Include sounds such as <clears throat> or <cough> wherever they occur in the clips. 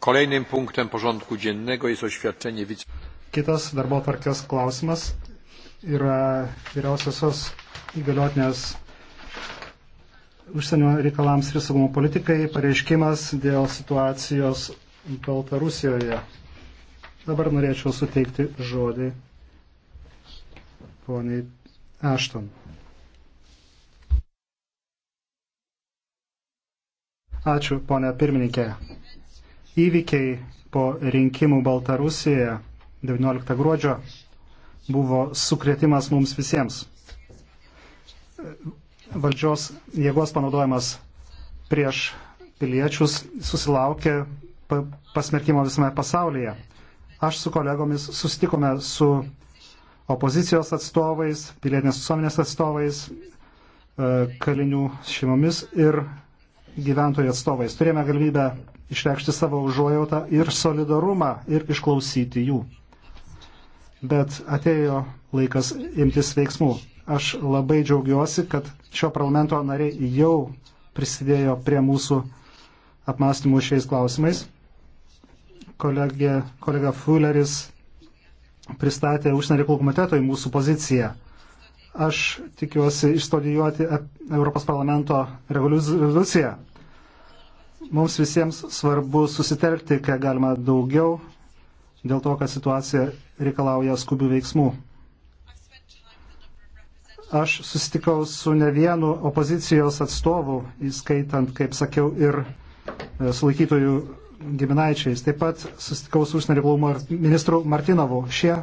Kolejnym punktem porządku dziennego jest oświadczenie wice... Kitas darbo tvarkės klausimas yra vyriausiosios įgaliotinės užsienio reikalams ir saugumo politikai pareiškimas dėl situacijos Baltarusijoje. Dabar norėčiau suteikti žodį poniai Ashton. Ačiū, ponia pirmininkė įvykiai po rinkimų Baltarusijoje 19 gruodžio buvo sukretimas mums visiems. Valdžios jėgos panaudojimas prieš piliečius susilaukė pasmerkimo visame pasaulyje. Aš su kolegomis susitikome su opozicijos atstovais, pilietinės visuomenės atstovais, e, kalinių šeimomis ir gyventojų atstovais. Turėjome galimybę išreikšti savo užuojautą ir solidarumą ir išklausyti jų. Bet atėjo laikas imtis veiksmų. Aš labai džiaugiuosi, kad šio parlamento nariai jau prisidėjo prie mūsų apmąstymų šiais klausimais. Kolegė, kolega Fulleris pristatė užsienio reikalų komitetoj mūsų poziciją. Aš tikiuosi išstudijuoti Europos parlamento revoliuciją Mums visiems svarbu susitelkti, ką galima daugiau, dėl to, kad situacija reikalauja skubių veiksmų. Aš susitikau su ne vienu opozicijos atstovu, įskaitant, kaip sakiau, ir e, sulaikytojų giminaičiais. Taip pat susitikau su užsienio reikalų ministru Martinovu. Šie e,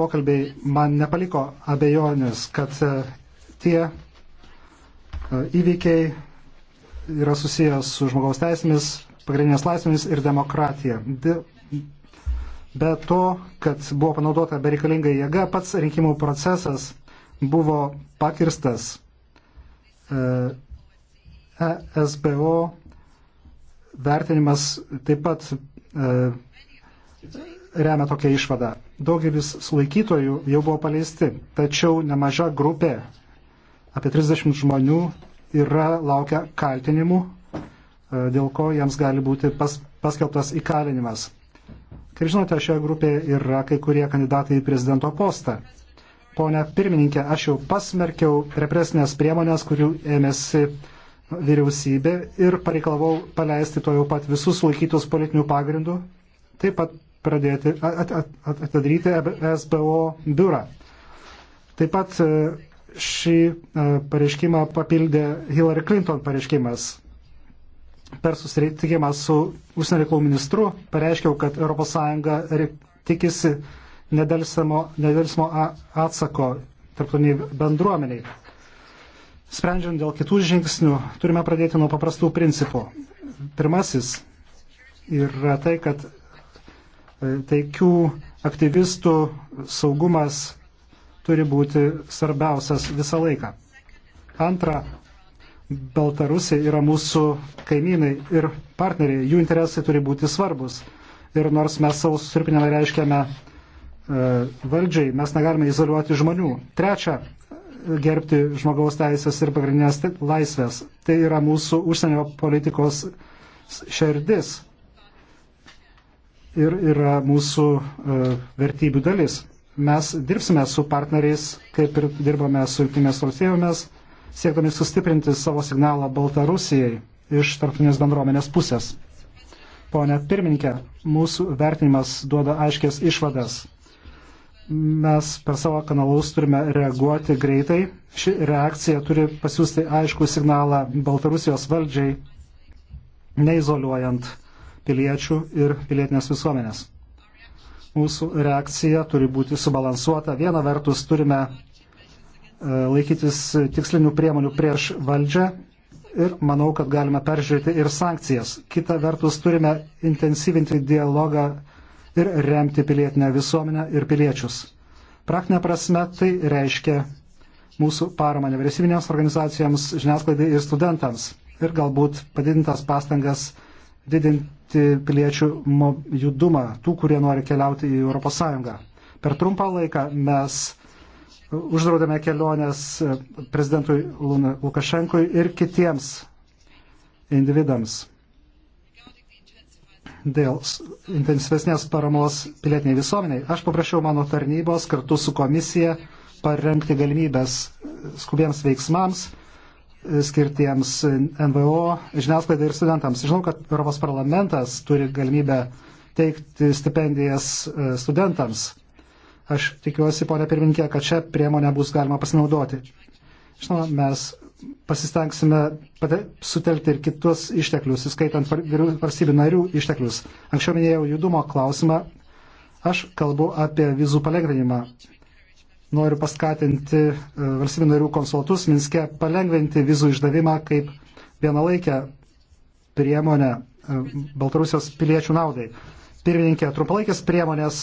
pokalbiai man nepaliko abejonės, kad e, tie įvykiai yra susijęs su žmogaus teisėmis, pagrindinės laisvėmis ir demokratija. De, be to, kad buvo panaudota bereikalinga jėga, pats rinkimų procesas buvo pakirstas e, ESBO vertinimas taip pat e, remia tokią išvadą. Daugelis sulaikytojų jau buvo paleisti, tačiau nemaža grupė, apie 30 žmonių, yra laukia kaltinimų, e, dėl ko jiems gali būti pas, paskelbtas įkalinimas. Kaip žinote, šioje grupėje yra kai kurie kandidatai į prezidento postą. Pone pirmininkė, aš jau pasmerkiau represinės priemonės, kurių ėmėsi vyriausybė ir pareikalavau paleisti to jau pat visus laikytus politinių pagrindų, taip pat pradėti at, at, at, atidaryti SBO e biurą. Taip pat e, šį e, pareiškimą papildė Hillary Clinton pareiškimas. Per susitikimą su užsienio reikalų ministru pareiškiau, kad ES tikisi nedelsimo atsako tarptautiniai bendruomeniai. Sprendžiant dėl kitų žingsnių, turime pradėti nuo paprastų principų. Pirmasis yra tai, kad e, taikių aktyvistų saugumas turi būti svarbiausias visą laiką. Antra, Baltarusiai yra mūsų kaimynai ir partneriai, jų interesai turi būti svarbus. Ir nors mes savo susirpinimą reiškiame e, valdžiai, mes negalime izoliuoti žmonių. Trečia, gerbti žmogaus teisės ir pagrindinės laisvės. Tai yra mūsų užsienio politikos šerdis ir yra mūsų e, vertybių dalis. Mes dirbsime su partneriais, kaip ir dirbame su Junktinės valstybėmis, siekdami sustiprinti savo signalą Baltarusijai iš tarptautinės bendruomenės pusės. Pone pirmininkė, mūsų vertinimas duoda aiškės išvadas. Mes per savo kanalus turime reaguoti greitai. Ši reakcija turi pasiūsti aiškų signalą Baltarusijos valdžiai, neizoliuojant piliečių ir pilietinės visuomenės. Mūsų reakcija turi būti subalansuota. Viena vertus turime e, laikytis tikslinių priemonių prieš valdžią ir manau, kad galime peržiūrėti ir sankcijas. Kita vertus turime intensyvinti dialogą ir remti pilietinę visuomenę ir piliečius. Praktinė prasme tai reiškia mūsų paramą nevyriausybinėms organizacijoms, žiniasklaidai ir studentams ir galbūt padidintas pastangas didinti piliečių judumą, tų, kurie nori keliauti į ES. Per trumpą laiką mes uždraudėme keliones e, prezidentui Lukašenkui ir kitiems individams dėl intensyvesnės paramos pilietiniai visuomeniai. Aš paprašiau mano tarnybos kartu su komisija parengti galimybės e, skubiems veiksmams skirtiems NVO, žiniasklaidai ir studentams. Žinau, kad Europos parlamentas turi galimybę teikti stipendijas e, studentams. Aš tikiuosi, ponė pirminkė, kad šią priemonę bus galima pasinaudoti. Žinoma, mes pasistengsime sutelkti ir kitus išteklius, įskaitant valstybių narių išteklius. Anksčiau minėjau judumo klausimą. Aš kalbu apie vizų palengvinimą noriu paskatinti e, valstybių narių konsultus Minske palengventi vizų išdavimą kaip vienalaikę priemonę e, Baltarusijos piliečių naudai. Pirmininkė, trumpalaikės priemonės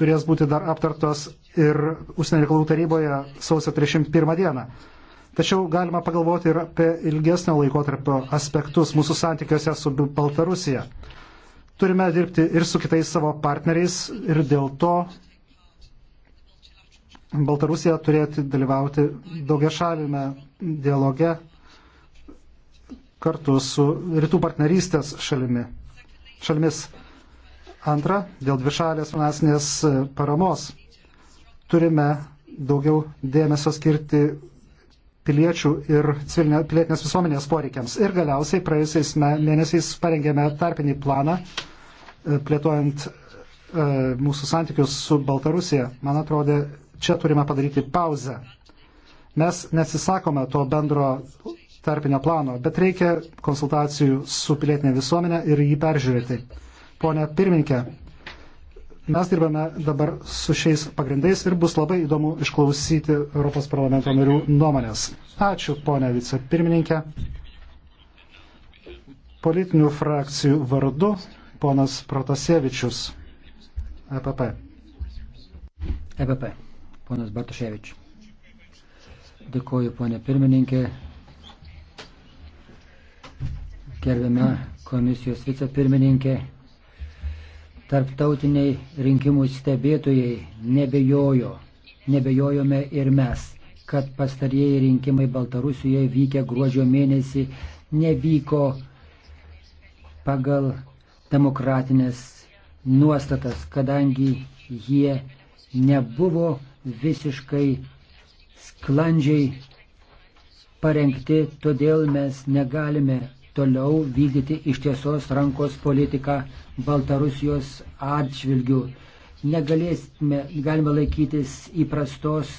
turės būti dar aptartos ir užsienio reikalų taryboje sausio 31 dieną. Tačiau galima pagalvoti ir apie ilgesnio laikotarpio aspektus mūsų santykiuose su Baltarusija. Turime dirbti ir su kitais savo partneriais ir dėl to Baltarusija turėtų dalyvauti daugia šalime dialoge kartu su rytų partnerystės šalimi. šalimis. Antra, dėl dvišalės finansinės e, paramos turime daugiau dėmesio skirti piliečių ir civilinė, pilietinės visuomenės poreikiams. Ir galiausiai praėjusiais mėnesiais parengėme tarpinį planą, e, plėtojant e, mūsų santykius su Baltarusija. Man atrodė, čia turime padaryti pauzę. Mes nesisakome to bendro tarpinio plano, bet reikia konsultacijų su pilietinė visuomenė ir jį peržiūrėti. Pone pirmininkė, mes dirbame dabar su šiais pagrindais ir bus labai įdomu išklausyti Europos parlamento narių nuomonės. Ačiū, ponė vicepirmininkė. Politinių frakcijų vardu ponas Protasevičius, EPP. EPP ponas Bartuševič. Dėkuoju, ponė pirmininkė. Gerbiama komisijos vicepirmininkė. Tarptautiniai rinkimų stebėtojai nebejojo, nebejojome ir mes, kad pastarieji rinkimai Baltarusijoje vykę gruodžio mėnesį nevyko pagal demokratinės nuostatas, kadangi jie nebuvo visiškai sklandžiai parengti, todėl mes negalime toliau vykdyti iš tiesos rankos politiką Baltarusijos atžvilgių. Negalėsime, galime laikytis įprastos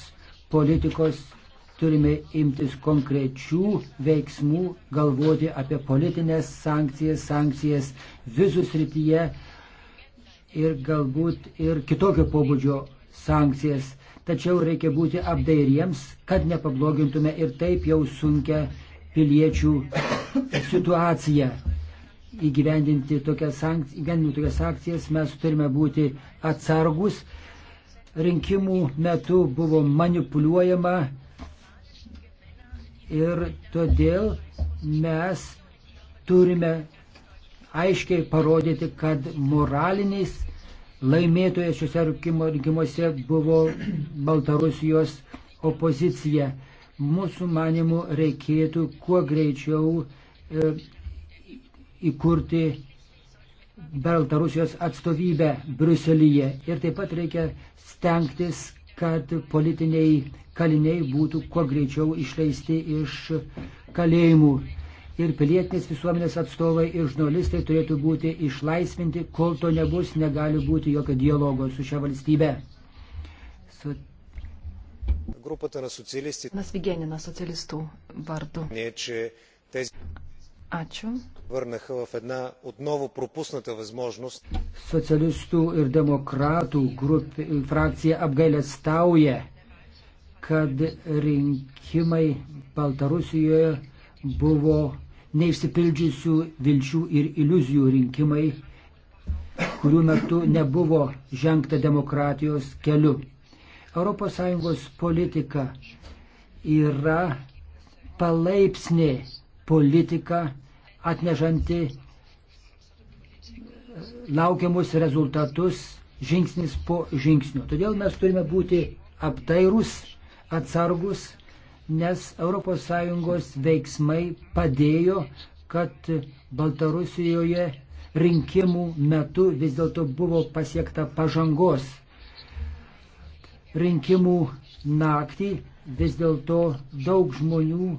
politikos, turime imtis konkrečių veiksmų, galvoti apie politinės sankcijas, sankcijas vizų srityje ir galbūt ir kitokio pobūdžio sankcijas tačiau reikia būti apdairiems, kad nepablogintume ir taip jau sunkia piliečių situaciją. Įgyvendinti tokias, įgyvendinti tokias akcijas mes turime būti atsargus. Rinkimų metu buvo manipuliuojama ir todėl mes turime aiškiai parodyti, kad moraliniais Laimėtoje šiuose rinkimuose buvo Baltarusijos opozicija. Mūsų manimų reikėtų kuo greičiau e, įkurti Baltarusijos atstovybę Bruselyje. Ir taip pat reikia stengtis, kad politiniai kaliniai būtų kuo greičiau išleisti iš kalėjimų ir pilietinės visuomenės atstovai ir žurnalistai turėtų būti išlaisvinti, kol to nebus, negali būti jokio dialogo su šia valstybe. Su... Grupata na socialistų. Nasvigenina socialistų vardu. Ačiū. Върнаха в една отново пропусната възможност. Социалистų ir demokratų grup, frakcija apgailę stauja, kad rinkimai Baltarusijoje buvo neišsipildžiusių vilčių ir iliuzijų rinkimai, kurių metu nebuvo žengta demokratijos keliu. ES politika yra palaipsnė politika atnežanti laukiamus rezultatus žingsnis po žingsnio. Todėl mes turime būti aptairūs, atsargus nes ES veiksmai padėjo, kad Baltarusijoje rinkimų metu vis dėlto buvo pasiekta pažangos. Rinkimų naktį vis dėlto daug žmonių,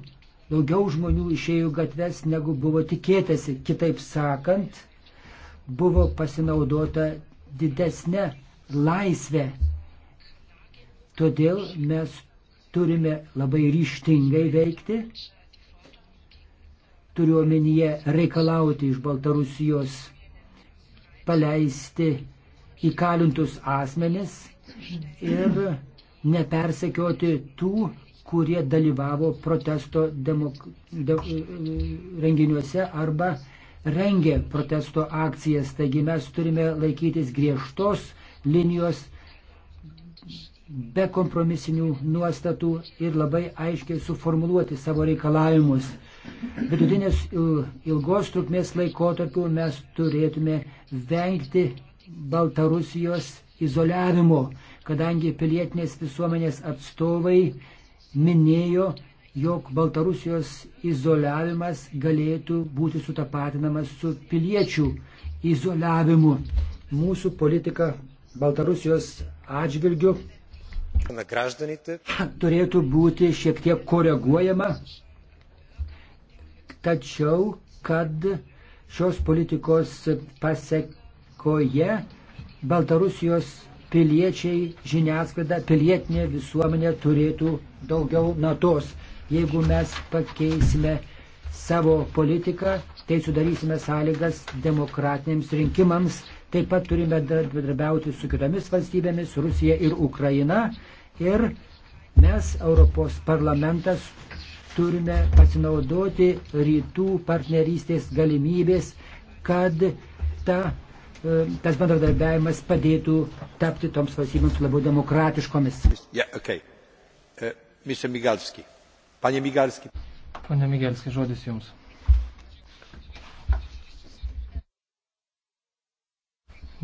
daugiau žmonių išėjo gatves, negu buvo tikėtasi. Kitaip sakant, buvo pasinaudota didesnė laisvė. Todėl mes turime labai ryštingai veikti, turiu omenyje reikalauti iš Baltarusijos paleisti įkalintus asmenis ir nepersekioti tų, kurie dalyvavo protesto demok... de... renginiuose arba rengė protesto akcijas. Taigi mes turime laikytis griežtos linijos be kompromisinių nuostatų ir labai aiškiai suformuluoti savo reikalavimus. Vidutinės ilgos trukmės laikotarpių mes turėtume vengti Baltarusijos izoliavimo, kadangi pilietinės visuomenės atstovai minėjo, jog Baltarusijos izoliavimas galėtų būti sutapatinamas su piliečių izoliavimu. Mūsų politika Baltarusijos atžvilgiu turėtų būti šiek tiek koreguojama, tačiau kad šios politikos pasekoje Baltarusijos piliečiai, žiniasklaida, pilietinė visuomenė turėtų daugiau natos. Jeigu mes pakeisime savo politiką, tai sudarysime sąlygas demokratiniams rinkimams Taip pat turime bendradarbiauti su kitomis valstybėmis, Rusija ir Ukraina. Ir mes, Europos parlamentas, turime pasinaudoti rytų partnerystės galimybės, kad ta, e, tas bendradarbiavimas padėtų tapti toms valstybėms labiau demokratiškomis. Yeah, okay. uh, Migalski. Panie Migalski. Panie Migalski, žodis jums.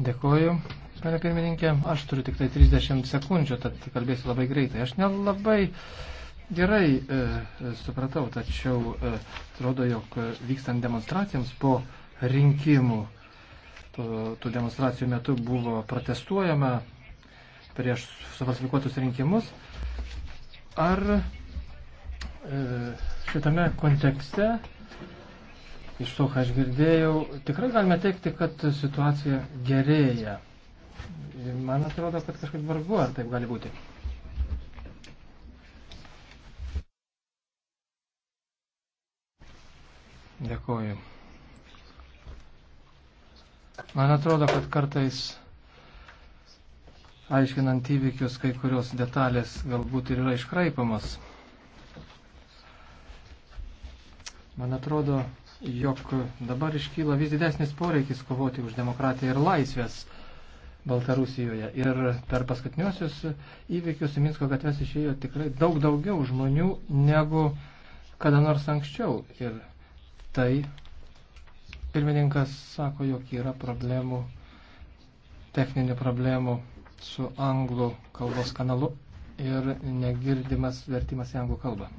Dėkuoju, pane pirmininkė. Aš turiu tik tai 30 sekundžių, tad kalbėsiu labai greitai. Aš nelabai gerai e, e, supratau, tačiau e, atrodo, jog vykstant demonstracijoms po rinkimų, tų, tų demonstracijų metu buvo protestuojama prieš sufalsifikuotus rinkimus. Ar e, šitame kontekste iš to, ką aš girdėjau, tikrai galime teikti, kad situacija gerėja. Ir man atrodo, kad kažkaip vargu, ar taip gali būti. Dėkuoju. Man atrodo, kad kartais aiškinant įvykius kai kurios detalės galbūt ir yra iškraipamas. Man atrodo, jog dabar iškyla vis didesnis poreikis kovoti už demokratiją ir laisvės Baltarusijoje. Ir per paskutiniosius įvykius į Minsko gatves išėjo tikrai daug daugiau žmonių negu kada nors anksčiau. Ir tai pirmininkas sako, jog yra problemų, techninių problemų su anglų kalbos kanalu ir negirdimas vertimas į anglų kalbą.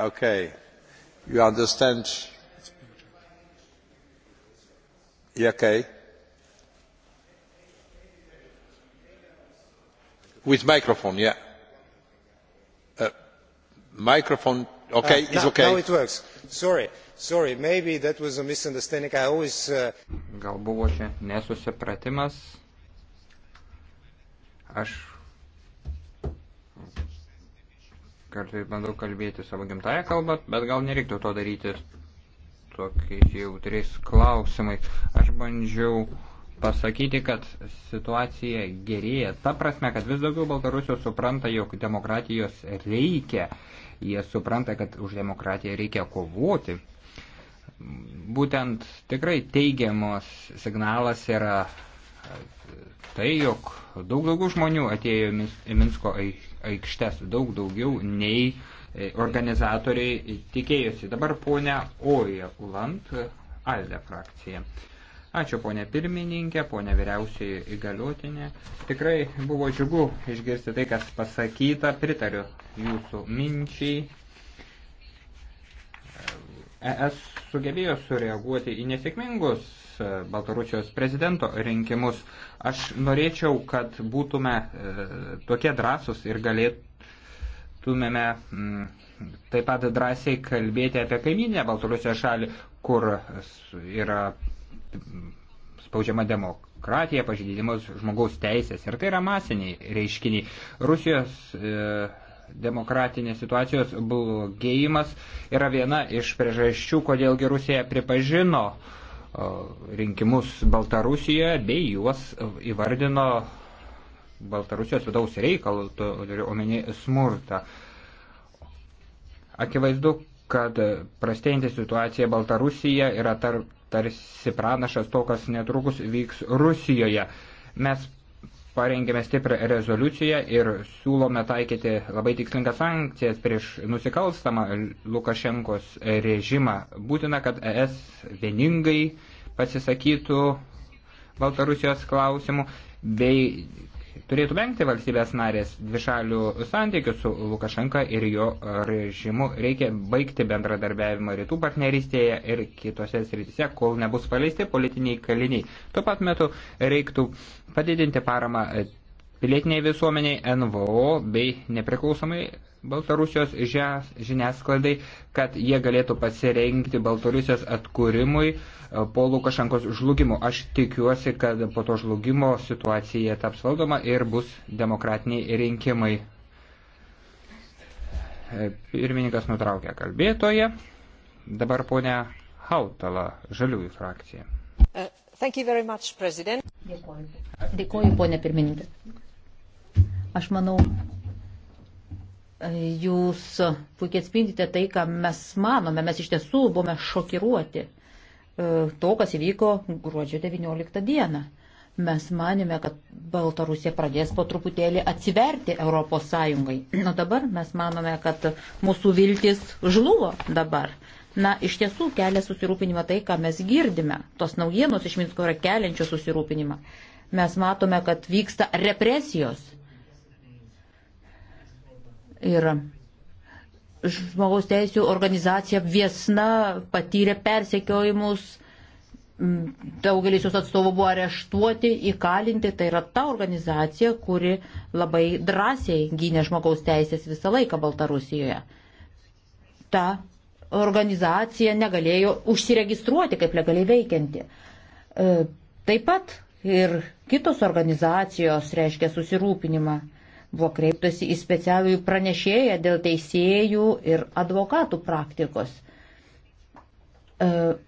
Okay. You understand? Okay. With microphone, yeah. Uh, microphone, okay, uh, it's okay. Now it works. Sorry, sorry, maybe that was a misunderstanding. I always... Uh... Gal buvo čia nesusipratimas. Aš kartais bandau kalbėti savo gimtają kalbą, bet gal nereiktų to daryti tokiais jautriais klausimais. Aš bandžiau pasakyti, kad situacija gerėja. Ta prasme, kad vis daugiau Baltarusijos supranta, jog demokratijos reikia. Jie supranta, kad už demokratiją reikia kovoti. Būtent tikrai teigiamas signalas yra tai, jog daug daugiau žmonių atėjo į Minsko aikštę aikštes daug daugiau nei e, organizatoriai tikėjosi. Dabar ponia Oja Ulant, Alde frakcija. Ačiū ponė pirmininkė, ponė vyriausiai įgaliotinė. Tikrai buvo džiugu išgirsti tai, kas pasakyta. Pritariu jūsų minčiai. ES e sugebėjo sureaguoti į nesėkmingus E, Baltarusijos prezidento rinkimus. Aš norėčiau, kad būtume e, tokie drąsus ir galėtumėme mm, taip pat drąsiai kalbėti apie kaiminę Baltarusijos šalį, kur yra spaudžiama demokratija, pažydinimus žmogaus teisės. Ir tai yra masiniai reiškiniai. Rusijos e, demokratinės situacijos blogėjimas yra viena iš priežasčių, kodėlgi Rusija pripažino e, rinkimus Baltarusijoje bei juos įvardino Baltarusijos vidaus reikalų, turiu omeny smurtą. Akivaizdu, kad prastėjantį situaciją Baltarusija yra tar, tarsi pranašas to, kas netrukus vyks Rusijoje. Mes parengėme stiprią rezoliuciją ir siūlome taikyti labai tikslingas sankcijas prieš nusikalstamą Lukašenkos režimą. Būtina, kad ES vieningai pasisakytų Baltarusijos klausimų bei turėtų vengti valstybės narės dvišalių santykių su Lukašenka ir jo režimu. Reikia baigti bendradarbiavimą rytų partnerystėje ir kitose srityse, kol nebus paleisti politiniai kaliniai. Tuo pat metu reiktų padidinti paramą pilietiniai visuomeniai, NVO bei nepriklausomai Baltarusijos žiniasklaidai, kad jie galėtų pasirengti Baltarusijos atkūrimui e, po Lukašenkos žlugimo. Aš tikiuosi, kad po to žlugimo situacija taps valdoma ir bus demokratiniai rinkimai. E, pirmininkas nutraukė kalbėtoje. Dabar ponia Hautala, žaliųjų frakcija. Uh, much, Dėkuoju, ponė pirmininkė. Aš manau, jūs puikiai atspindite tai, ką mes manome. Mes iš tiesų buvome šokiruoti e, to, kas įvyko gruodžio 19 dieną. Mes manėme, kad Baltarusija pradės po truputėlį atsiverti Europos Sąjungai. Na <clears throat> dabar mes manome, kad mūsų viltis žlugo dabar. Na, iš tiesų kelia susirūpinimą tai, ką mes girdime. Tos naujienos iš Minsko yra keliančios susirūpinimą. Mes matome, kad vyksta represijos Ir žmogaus teisų organizacija Viesna patyrė persekiojimus, mm, daugelis jos atstovų buvo areštuoti, įkalinti. Tai yra ta organizacija, kuri labai drąsiai gynė žmogaus teisės visą laiką Baltarusijoje. Ta organizacija negalėjo užsiregistruoti kaip legaliai veikianti. E, taip pat ir kitos organizacijos reiškia susirūpinimą Buvo kreiptasi į specialiųjų pranešėją dėl teisėjų ir advokatų praktikos. E,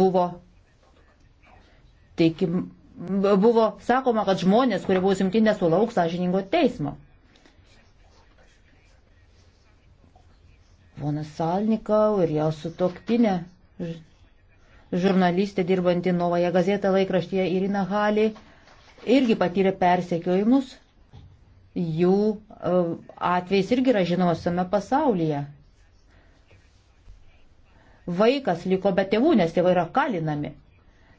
buvo, teikim, buvo sakoma, kad žmonės, kurie buvo simti, nesulauks sąžiningo teismo. Ponas Salnikau ir jo sutoktinė žurnalistė dirbanti Novoje gazetą laikraštyje Irina Halį irgi patyrė persekiojimus, jų e, atvejs irgi yra žinomas visame pasaulyje. Vaikas liko be tėvų, nes tėvai yra kalinami.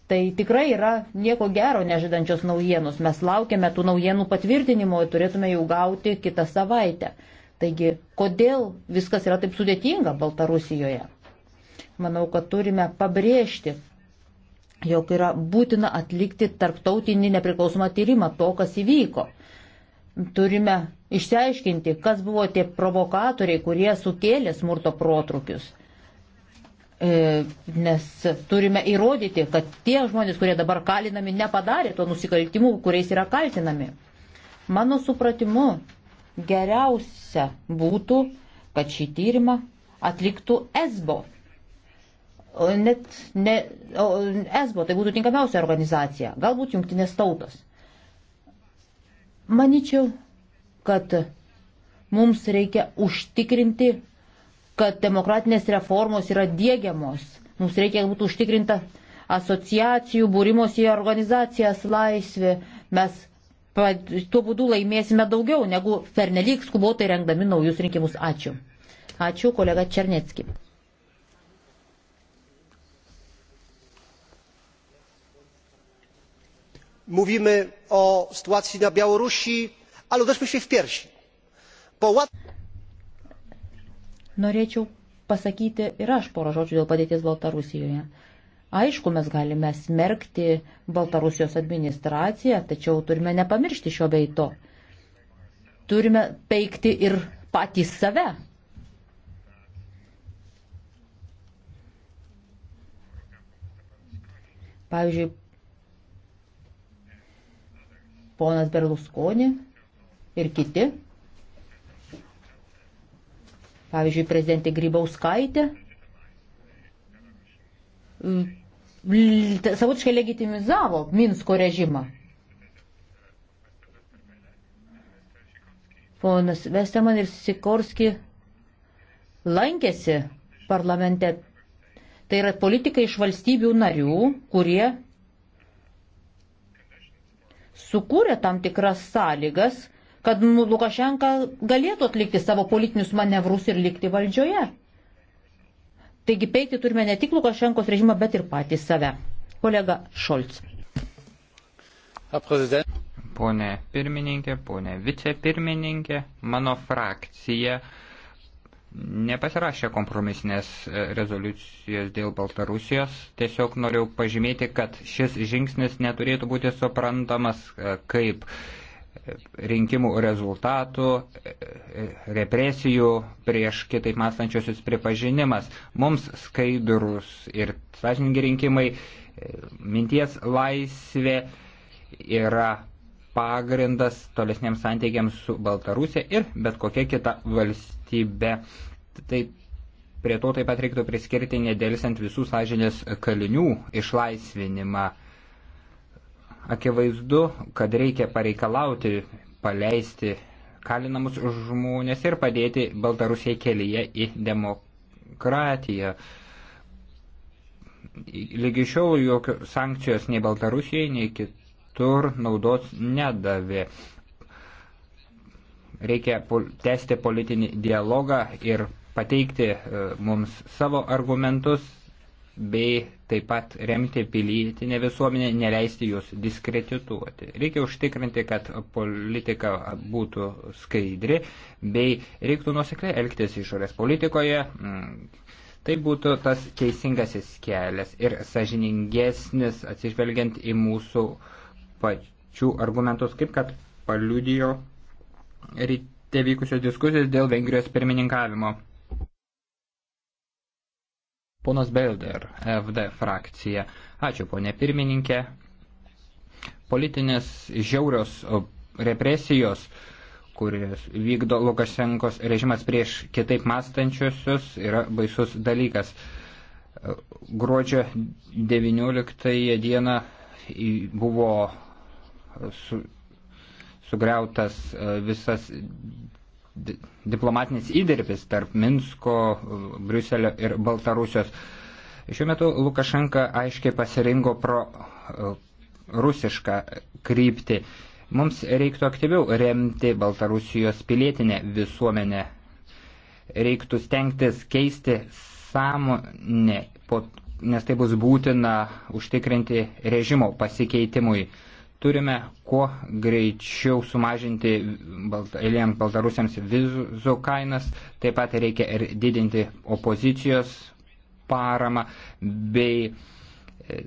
Tai tikrai yra nieko gero nežydančios naujienos. Mes laukiame tų naujienų patvirtinimo ir turėtume jų gauti kitą savaitę. Taigi, kodėl viskas yra taip sudėtinga Baltarusijoje? Manau, kad turime pabrėžti, jog yra būtina atlikti tarptautinį nepriklausomą tyrimą to, kas įvyko. Turime išsiaiškinti, kas buvo tie provokatoriai, kurie sukėlė smurto protrukius. E, nes turime įrodyti, kad tie žmonės, kurie dabar kalinami, nepadarė to nusikaltimų, kuriais yra kaltinami. Mano supratimu, geriausia būtų, kad šį tyrimą atliktų ESBO net ne, esbo, tai būtų tinkamiausia organizacija, galbūt jungtinės tautos. Maničiau, kad mums reikia užtikrinti, kad demokratinės reformos yra dėgiamos. Mums reikia būtų užtikrinta asociacijų, būrimos į organizacijas laisvė. Mes tuo būdu laimėsime daugiau negu fernelyg skubotai rengdami naujus rinkimus. Ačiū. Ačiū kolega Černetski. mówimy o sytuacji na białorusi ale uderzmy się w piersi bo Norėčiau pasakyti ir aš porą žodžių dėl padėties Baltarusijoje. Aišku, mes galime smerkti Baltarusijos administraciją, tačiau turime nepamiršti šio beito. Turime peikti ir patys save, Pavyzdžiui, ponas Berlusconi ir kiti. Pavyzdžiui, prezidentė Grybauskaitė mm, savotiškai legitimizavo Minsko režimą. Ponas Vesteman ir Sikorski lankėsi parlamente. Tai yra politikai iš valstybių narių, kurie sukūrė tam tikras sąlygas, kad nu, Lukašenka galėtų atlikti savo politinius manevrus ir likti valdžioje. Taigi peikti turime ne tik Lukašenkos režimą, bet ir patį save. Kolega Šolc. Pone pirmininkė, pone vicepirmininkė, mano frakcija nepasirašė kompromisinės e, rezoliucijos dėl Baltarusijos. Tiesiog noriu pažymėti, kad šis žingsnis neturėtų būti suprantamas e, kaip e, rinkimų rezultatų, represijų prieš kitaip mąstančiosius pripažinimas. Mums skaidrus ir sąžininkai rinkimai, minties laisvė yra pagrindas tolesniems santykiams su Baltarusija ir bet kokia kita valstybė. Taip, prie to taip pat reiktų priskirti nedėlsiant visų sąžinės kalinių išlaisvinimą. Akivaizdu, kad reikia pareikalauti paleisti kalinamus žmonės ir padėti Baltarusijai kelyje į demokratiją lygi šiol jokios sankcijos nei Baltarusijai, nei kit, kitur naudos nedavė. Reikia pol tęsti politinį dialogą ir pateikti e, mums savo argumentus bei taip pat remti pilietinę visuomenę, neleisti jos diskredituoti. Reikia užtikrinti, kad politika būtų skaidri, bei reiktų nusikliai elgtis išorės politikoje. Mm, tai būtų tas teisingasis kelias ir sažiningesnis atsižvelgiant į mūsų uh, pačių argumentus, kaip kad paliudijo ryte vykusios diskusijos dėl Vengrijos pirmininkavimo. Ponas Belder, FD frakcija. Ačiū, ponė pirmininkė. Politinės žiaurios represijos, kurias vykdo Lukašenkos režimas prieš kitaip mąstančiusius, yra baisus dalykas. Gruodžio 19 dieną buvo su, sugriautas e, visas diplomatinis įdirbis tarp Minsko, Briuselio ir Baltarusijos. Šiuo metu Lukašenka aiškiai pasirinko pro e, rusišką kryptį. Mums reiktų aktyviau remti Baltarusijos pilietinę visuomenę. Reiktų stengtis keisti sąmonę, nes tai bus būtina užtikrinti režimo pasikeitimui turime kuo greičiau sumažinti eilėms baltarusiams vizų kainas, taip pat reikia ir didinti opozicijos paramą bei e,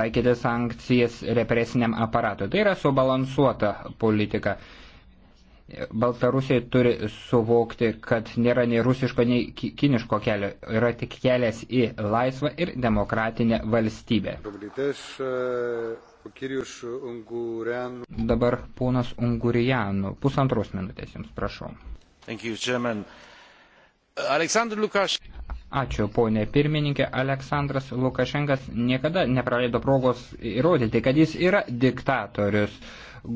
taikyti sankcijas represiniam aparatui. Tai yra subalansuota politika. Baltarusiai turi suvokti, kad nėra nei rusiško, nei kiniško kelio, yra tik kelias į laisvą ir demokratinę valstybę. Doblitės, uh... E, Dabar ponas Ungurijanų. Pusantros minutės jums prašau. Ačiū, ponė pirmininkė. Aleksandras Lukašenkas niekada nepraleido progos įrodyti, kad jis yra diktatorius.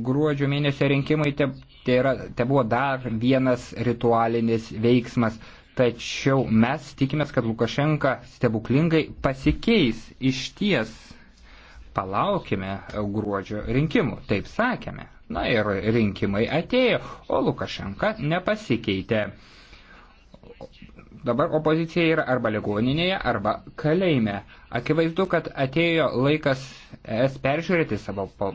Gruodžio mėnesio rinkimai te, te, yra, te buvo dar vienas ritualinis veiksmas. Tačiau mes tikimės, kad Lukašenka stebuklingai pasikeis iš ties palaukime gruodžio rinkimų. Taip sakėme. Na ir rinkimai atėjo, o Lukašenka nepasikeitė. Dabar opozicija yra arba ligoninėje, arba kalėjime. Akivaizdu, kad atėjo laikas es peržiūrėti savo po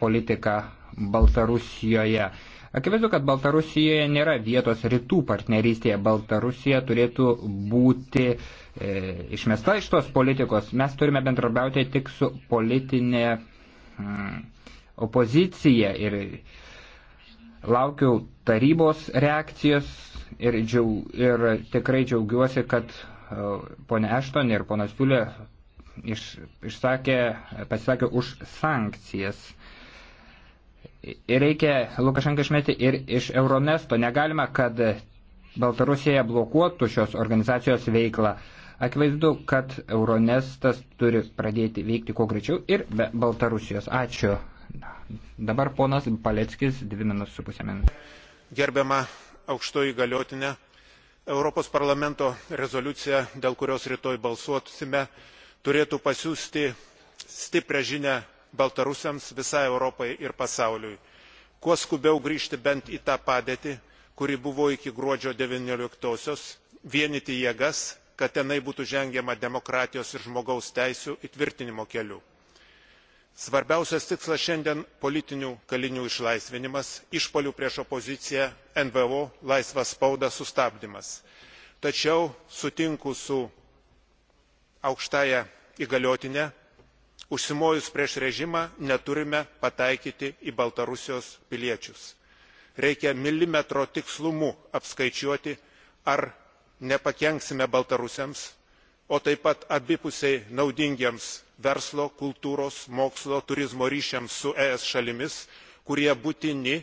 politiką Baltarusijoje. Akivaizdu, kad Baltarusijoje nėra vietos rytų partnerystėje. Baltarusija turėtų būti uh, E, išmesta iš tos politikos, mes turime bendrabiauti tik su politinė mm, opozicija ir laukiu tarybos reakcijos ir, džiau, ir tikrai džiaugiuosi, kad e, ponė Ešton ir ponas Fiulė iš, išsakė, pasisakė už sankcijas. Ir reikia Lukašenką išmeti ir iš Euronesto. Negalima, kad Baltarusija blokuotų šios organizacijos veiklą. Akivaizdu, kad Euronestas turi pradėti veikti kuo greičiau ir be Baltarusijos. Ačiū. Dabar ponas Paleckis, dvi minus su pusė minutės. Gerbiama aukštoji galiotinė, Europos parlamento rezoliucija, dėl kurios rytoj balsuosime, turėtų pasiūsti stiprią žinę baltarusiams visai europai ir pasauliui kuo skubiau grįžti bent į tą padėtį kuri buvo iki gruodžio devynioliktosios vienyti jėgas kad tenai būtų žengiama demokratijos ir žmogaus teisų įtvirtinimo keliu. Svarbiausias tikslas šiandien - politinių kalinių išlaisvinimas, išpolių prieš opoziciją, NVO, laisvą spaudą sustabdymas. Tačiau sutinku su aukštaja įgaliotinė, užsimojus prieš režimą neturime pataikyti į Baltarusijos piliečius. Reikia milimetro tikslumu apskaičiuoti, ar nepakenksime baltarusiams o taip pat abipusiai naudingiems verslo kultūros mokslo turizmo ryšiams su es šalimis kurie būtini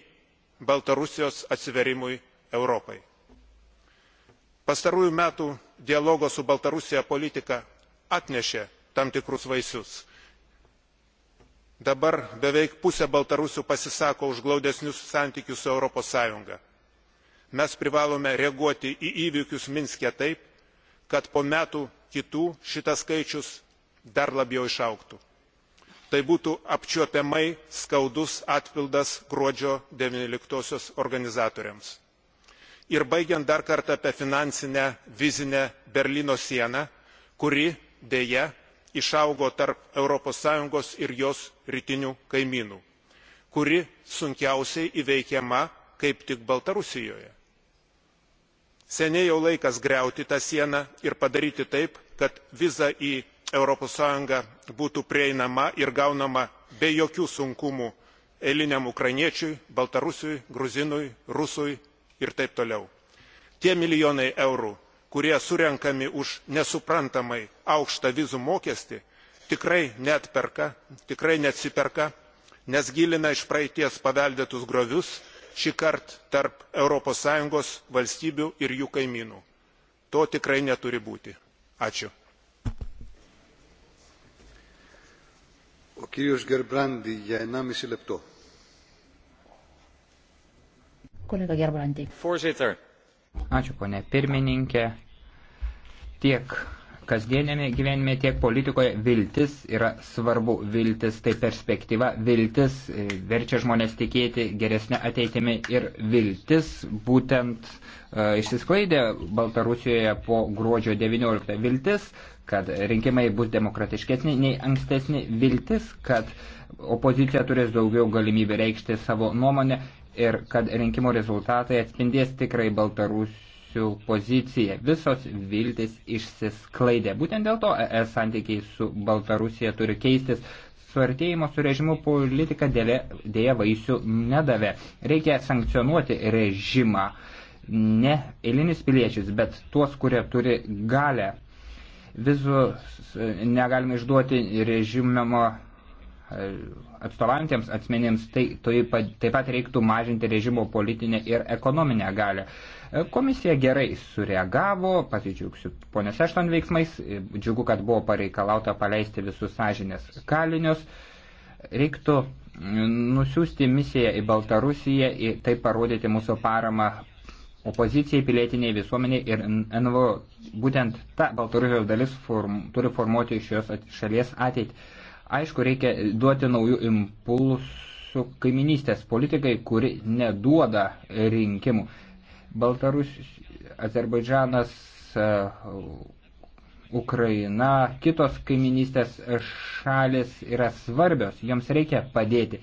baltarusijos atsivėrimui europai. pastarųjų metų dialogo su baltarusija politika atnešė tam tikrus vaisius. dabar beveik pusė baltarusių pasisako už glaudesnius santykius su europos sąjunga mes privalome reaguoti į įvykius minske taip kad po metų kitų šitas skaičius dar labiau išaugtų. tai būtų apčiuopiamai skaudus atpildas gruodžio devyniolika os organizatoriams. ir baigiant dar kartą apie finansinę vizinę berlyno sieną kuri deja išaugo tarp europos sąjungos ir jos rytinių kaimynų kuri sunkiausiai įveikiama kaip tik baltarusijoje Seniai jau laikas greuti tą sieną ir padaryti taip, kad viza į ES būtų prieinama ir gaunama be jokių sunkumų eiliniam ukrainiečiui, baltarusiui, gruzinui, rusui ir taip toliau. Tie milijonai eurų, kurie surenkami už nesuprantamai aukštą vizų mokestį, tikrai netperka, tikrai neatsiperka, nes gilina iš praeities paveldėtus grovius šįkart tarp ES valstybių ir jų kaimynų. To tikrai neturi būti. Ačiū. O kyrius Gerbrandi, jei 1,5 lepto. Kolega Gerbrandi. Voorzitter. Ačiū, ponė pirmininkė. Tiek kasdienėme gyvenime, tiek politikoje viltis yra svarbu. Viltis tai perspektyva, viltis e, verčia žmonės tikėti geresnę ateitimi ir viltis būtent uh, išsisklaidė Baltarusijoje po gruodžio 19. Viltis, kad rinkimai bus demokratiškesni nei ankstesni, viltis, kad opozicija turės daugiau galimybę reikšti savo nuomonę ir kad rinkimų rezultatai atspindės tikrai Baltarusijoje pusių poziciją. Visos viltis išsisklaidė. Būtent dėl to ES santykiai su Baltarusija turi keistis. Suartėjimo su režimu politika dėja vaisių nedavė. Reikia sankcionuoti režimą. Ne eilinis piliečius, bet tuos, kurie turi galę. Vizų e, negalima išduoti režimimo atstovantiems asmenėms, tai, tai taip pat reiktų mažinti režimo politinę ir ekonominę galę. Komisija gerai sureagavo, pasidžiaugsiu ponės Ešton veiksmais, džiugu, kad buvo pareikalauta paleisti visus sąžinės kalinius. Reiktų nusiųsti misiją į Baltarusiją ir taip parodyti mūsų paramą opozicijai, pilietiniai visuomeniai ir NVO. Būtent ta Baltarusijos dalis form, turi formuoti šios šalies ateitį Aišku, reikia duoti naujų impulsų kaiminystės politikai, kuri neduoda rinkimų. Baltarus, Azerbaidžanas, e, Ukraina, kitos kaiminystės šalis yra svarbios, joms reikia padėti.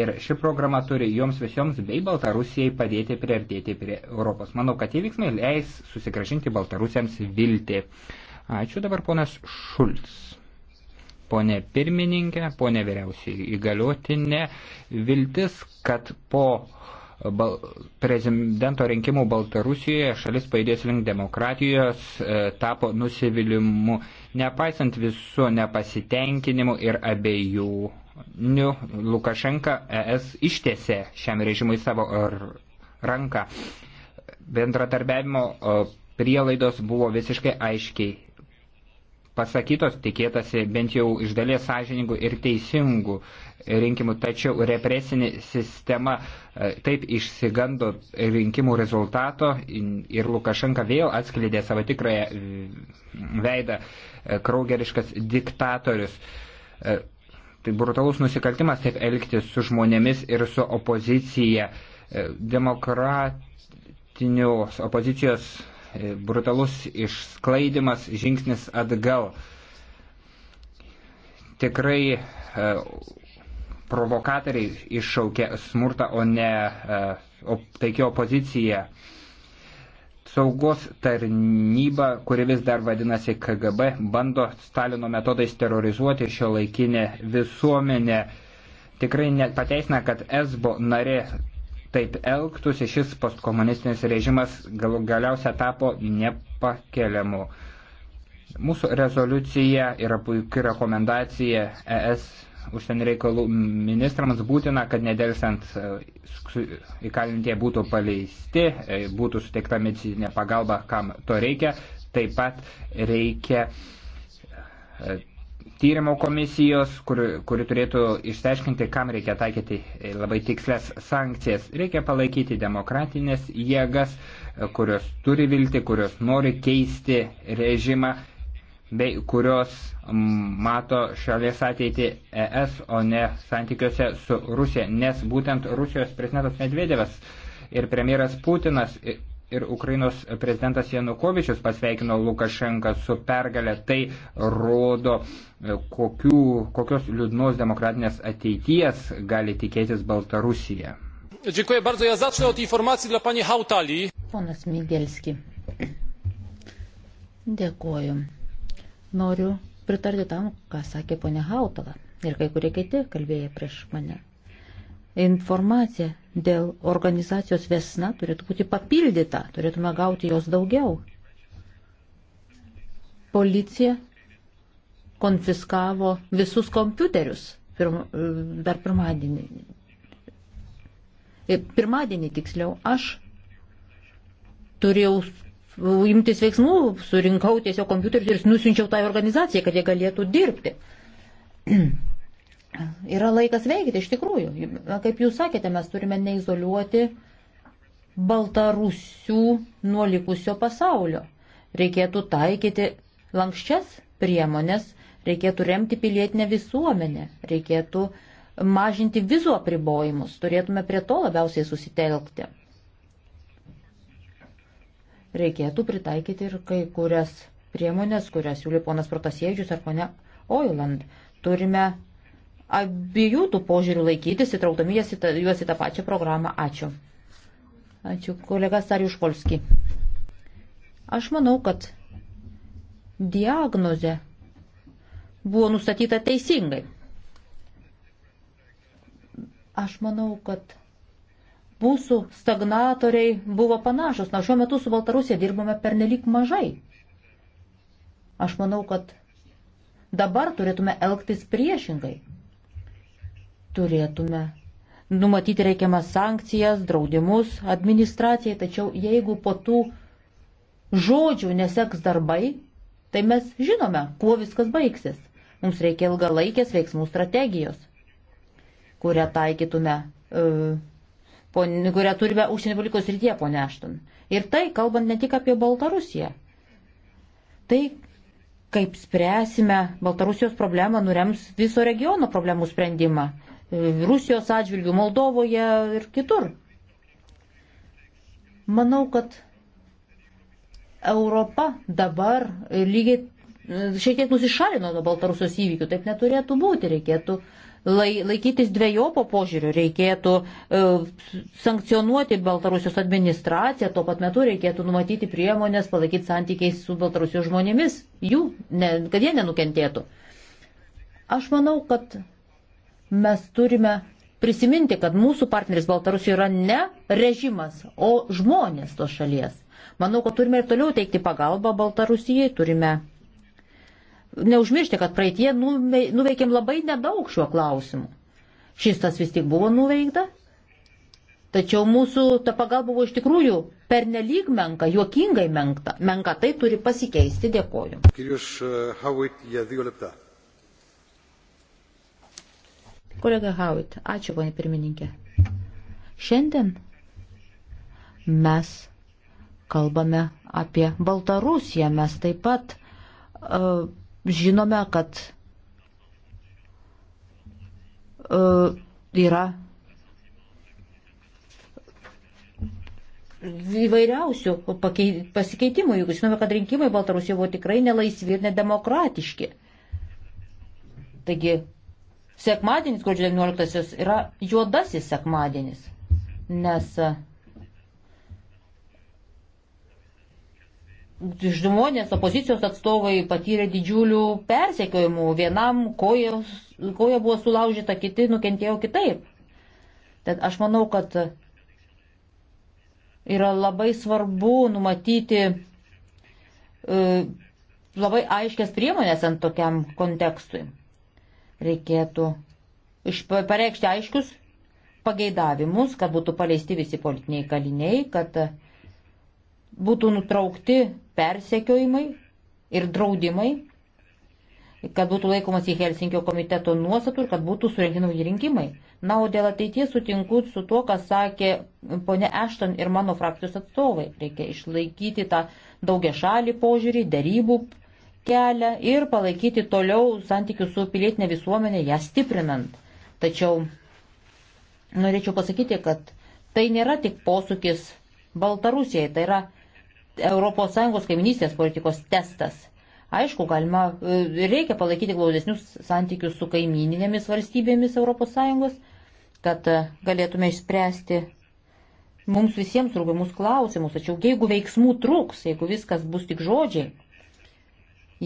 Ir ši programa turi joms visioms bei Baltarusijai padėti priartėti prie Europos. Manau, kad tie veiksmai leis susigražinti Baltarusiems viltį. Ačiū dabar ponas Šulc. Pone pirmininkė, pone vyriausiai įgaliotinė, viltis, kad po bal, prezidento rinkimų Baltarusijoje šalis pajudės link demokratijos e, tapo nusivylimu, nepaisant visų nepasitenkinimų ir abiejų. Niu, Lukašenka ES ištėse šiam režimui savo ranką. Bendratarbiavimo e, prielaidos buvo visiškai aiškiai pasakytos, tikėtasi bent jau iš dalies sąžiningų ir teisingų rinkimų, tačiau represinė sistema e, taip išsigando rinkimų rezultato ir Lukašenka vėl atskleidė savo tikrąją mm, veidą e, kraugeriškas diktatorius. E, tai brutalus nusikaltimas taip elgtis su žmonėmis ir su opozicija. Demokratinius opozicijos brutalus išsklaidimas, žingsnis atgal. Tikrai e, provokatoriai iššaukė smurtą, o ne e, taikė opozicija. Saugos tarnyba, kuri vis dar vadinasi KGB, bando Stalino metodais terrorizuoti šio laikinę visuomenę. Tikrai nepateisina, kad esbo narė taip elgtųsi, šis postkomunistinis režimas gal, galiausia tapo nepakeliamu. Mūsų rezoliucija yra puikia rekomendacija ES užsienio reikalų ministrams būtina, kad nedelsant e, įkalintie būtų paleisti, e, būtų suteikta medicinė pagalba, kam to reikia. Taip pat reikia e, tyrimo komisijos, kuri, kuri turėtų išsiaiškinti, kam reikia taikyti e, labai tikslės sankcijas. Reikia palaikyti demokratinės jėgas, e, kurios turi vilti, kurios nori keisti režimą, bei kurios mato šalies ateitį ES, o ne santykiuose su Rusija, nes būtent Rusijos prezidentas Medvedevas ir premjeras Putinas e, ir Ukrainos prezidentas Janukovičius pasveikino Lukašenką su pergalė, tai rodo, e, kokių, kokios liūdnos demokratinės ateities gali tikėtis Baltarusija. Dziękuję bardzo. Ja zacznę od informacji dla pani Hautali. Ponas Migelski. Dėkuoju. Noriu pritarti tam, ką sakė ponia Hautala ir kai kurie kiti kalbėjo prieš mane. Informacija dėl organizacijos Vesna turėtų būti papildyta, turėtume gauti jos daugiau. Policija konfiskavo visus kompiuterius pirma, dar pirmadienį. Pirmadienį tiksliau aš turėjau imtis veiksmų, surinkau tiesiog kompiuterius ir nusinčiau tą tai organizaciją, kad jie galėtų dirbti. <clears throat> Yra laikas veikti, iš tikrųjų. Kaip jūs sakėte, mes turime neizoliuoti Baltarusių nuo likusio pasaulio. Reikėtų taikyti lankščias priemonės, reikėtų remti pilietinę visuomenę, reikėtų mažinti vizų apribojimus, turėtume prie to labiausiai susitelkti. Reikėtų pritaikyti ir kai kurias priemonės, kurias siūlė ponas Protasievičius ar ponia Oiland. Turime abiejų tų požiūrių laikytis, įtraukdami juos į tą pačią programą. Ačiū. Ačiū, kolega Sariuškolski. Aš manau, kad diagnozė buvo nustatyta teisingai. Aš manau, kad mūsų stagnatoriai buvo panašus. Na, šiuo metu su Baltarusija dirbame pernelik mažai. Aš manau, kad dabar turėtume elgtis priešingai turėtume numatyti reikiamas sankcijas, draudimus administracijai, tačiau jeigu po tų žodžių neseks darbai, tai mes žinome, kuo viskas baigsis. Mums reikia ilgalaikės veiksmų strategijos, kurią taikytume, uh, pon, kurią turime užsienio politikos rytie, ponia Aštun. Ir tai, kalbant ne tik apie Baltarusiją. Tai, kaip spręsime Baltarusijos problemą, nurems viso regiono problemų sprendimą. Rusijos atžvilgių, Moldovoje ir kitur. Manau, kad Europa dabar lygiai e, šiek tiek nusišalino nuo Baltarusijos įvykių, taip neturėtų būti, reikėtų lai, laikytis dviejopo požiūrio, reikėtų e, sankcionuoti Baltarusijos administraciją, tuo pat metu reikėtų numatyti priemonės, palaikyti santykiais su Baltarusijos žmonėmis, jų, ne, kad jie nenukentėtų. Aš manau, kad mes turime prisiminti, kad mūsų partneris Baltarusijoje yra ne režimas, o žmonės tos šalies. Manau, kad turime ir toliau teikti pagalbą Baltarusijai, turime neužmiršti, kad praeitie nuveikėm labai nedaug šiuo klausimu. Šis tas vis tik buvo nuveikta, tačiau mūsų ta pagalba buvo iš tikrųjų pernelyg menka, juokingai menka. Menka tai turi pasikeisti, dėkoju. Kirius, uh, Howitt, Kolega Howitt, ačiū, ponė pirmininkė. Šiandien mes kalbame apie Baltarusiją. Mes taip pat uh, žinome, kad uh, yra įvairiausių pasikeitimų, jeigu žinome, kad rinkimai Baltarusijoje buvo tikrai nelaisvi ir nedemokratiški. Taigi Sekmadienis, gruodžio 19, yra juodasis sekmadienis, nes e, žmonės, opozicijos atstovai patyrė didžiulių persekiojimų. Vienam koja, koja buvo sulaužyta, kiti nukentėjo kitaip. Tad aš manau, kad yra labai svarbu numatyti e, labai aiškias priemonės ant tokiam kontekstui reikėtų pareikšti aiškius pageidavimus, kad būtų paleisti visi politiniai kaliniai, kad būtų nutraukti persekiojimai ir draudimai, kad būtų laikomas į Helsinkio komiteto nuostatų ir kad būtų surinkti nauji rinkimai. Na, o dėl ateities sutinku su tuo, kas sakė ponė Ešton ir mano frakcijos atstovai. Reikia išlaikyti tą daugia šalį požiūrį, darybų kelią ir palaikyti toliau santykius su pilietinė visuomenė, ją stiprinant. Tačiau norėčiau pasakyti, kad tai nėra tik posūkis Baltarusijai, tai yra ES kaiminystės politikos testas. Aišku, galima, e, reikia palaikyti glaudesnius santykius su kaimininėmis valstybėmis ES, kad e, galėtume išspręsti mums visiems rūpimus klausimus. Tačiau jeigu veiksmų trūks, jeigu viskas bus tik žodžiai,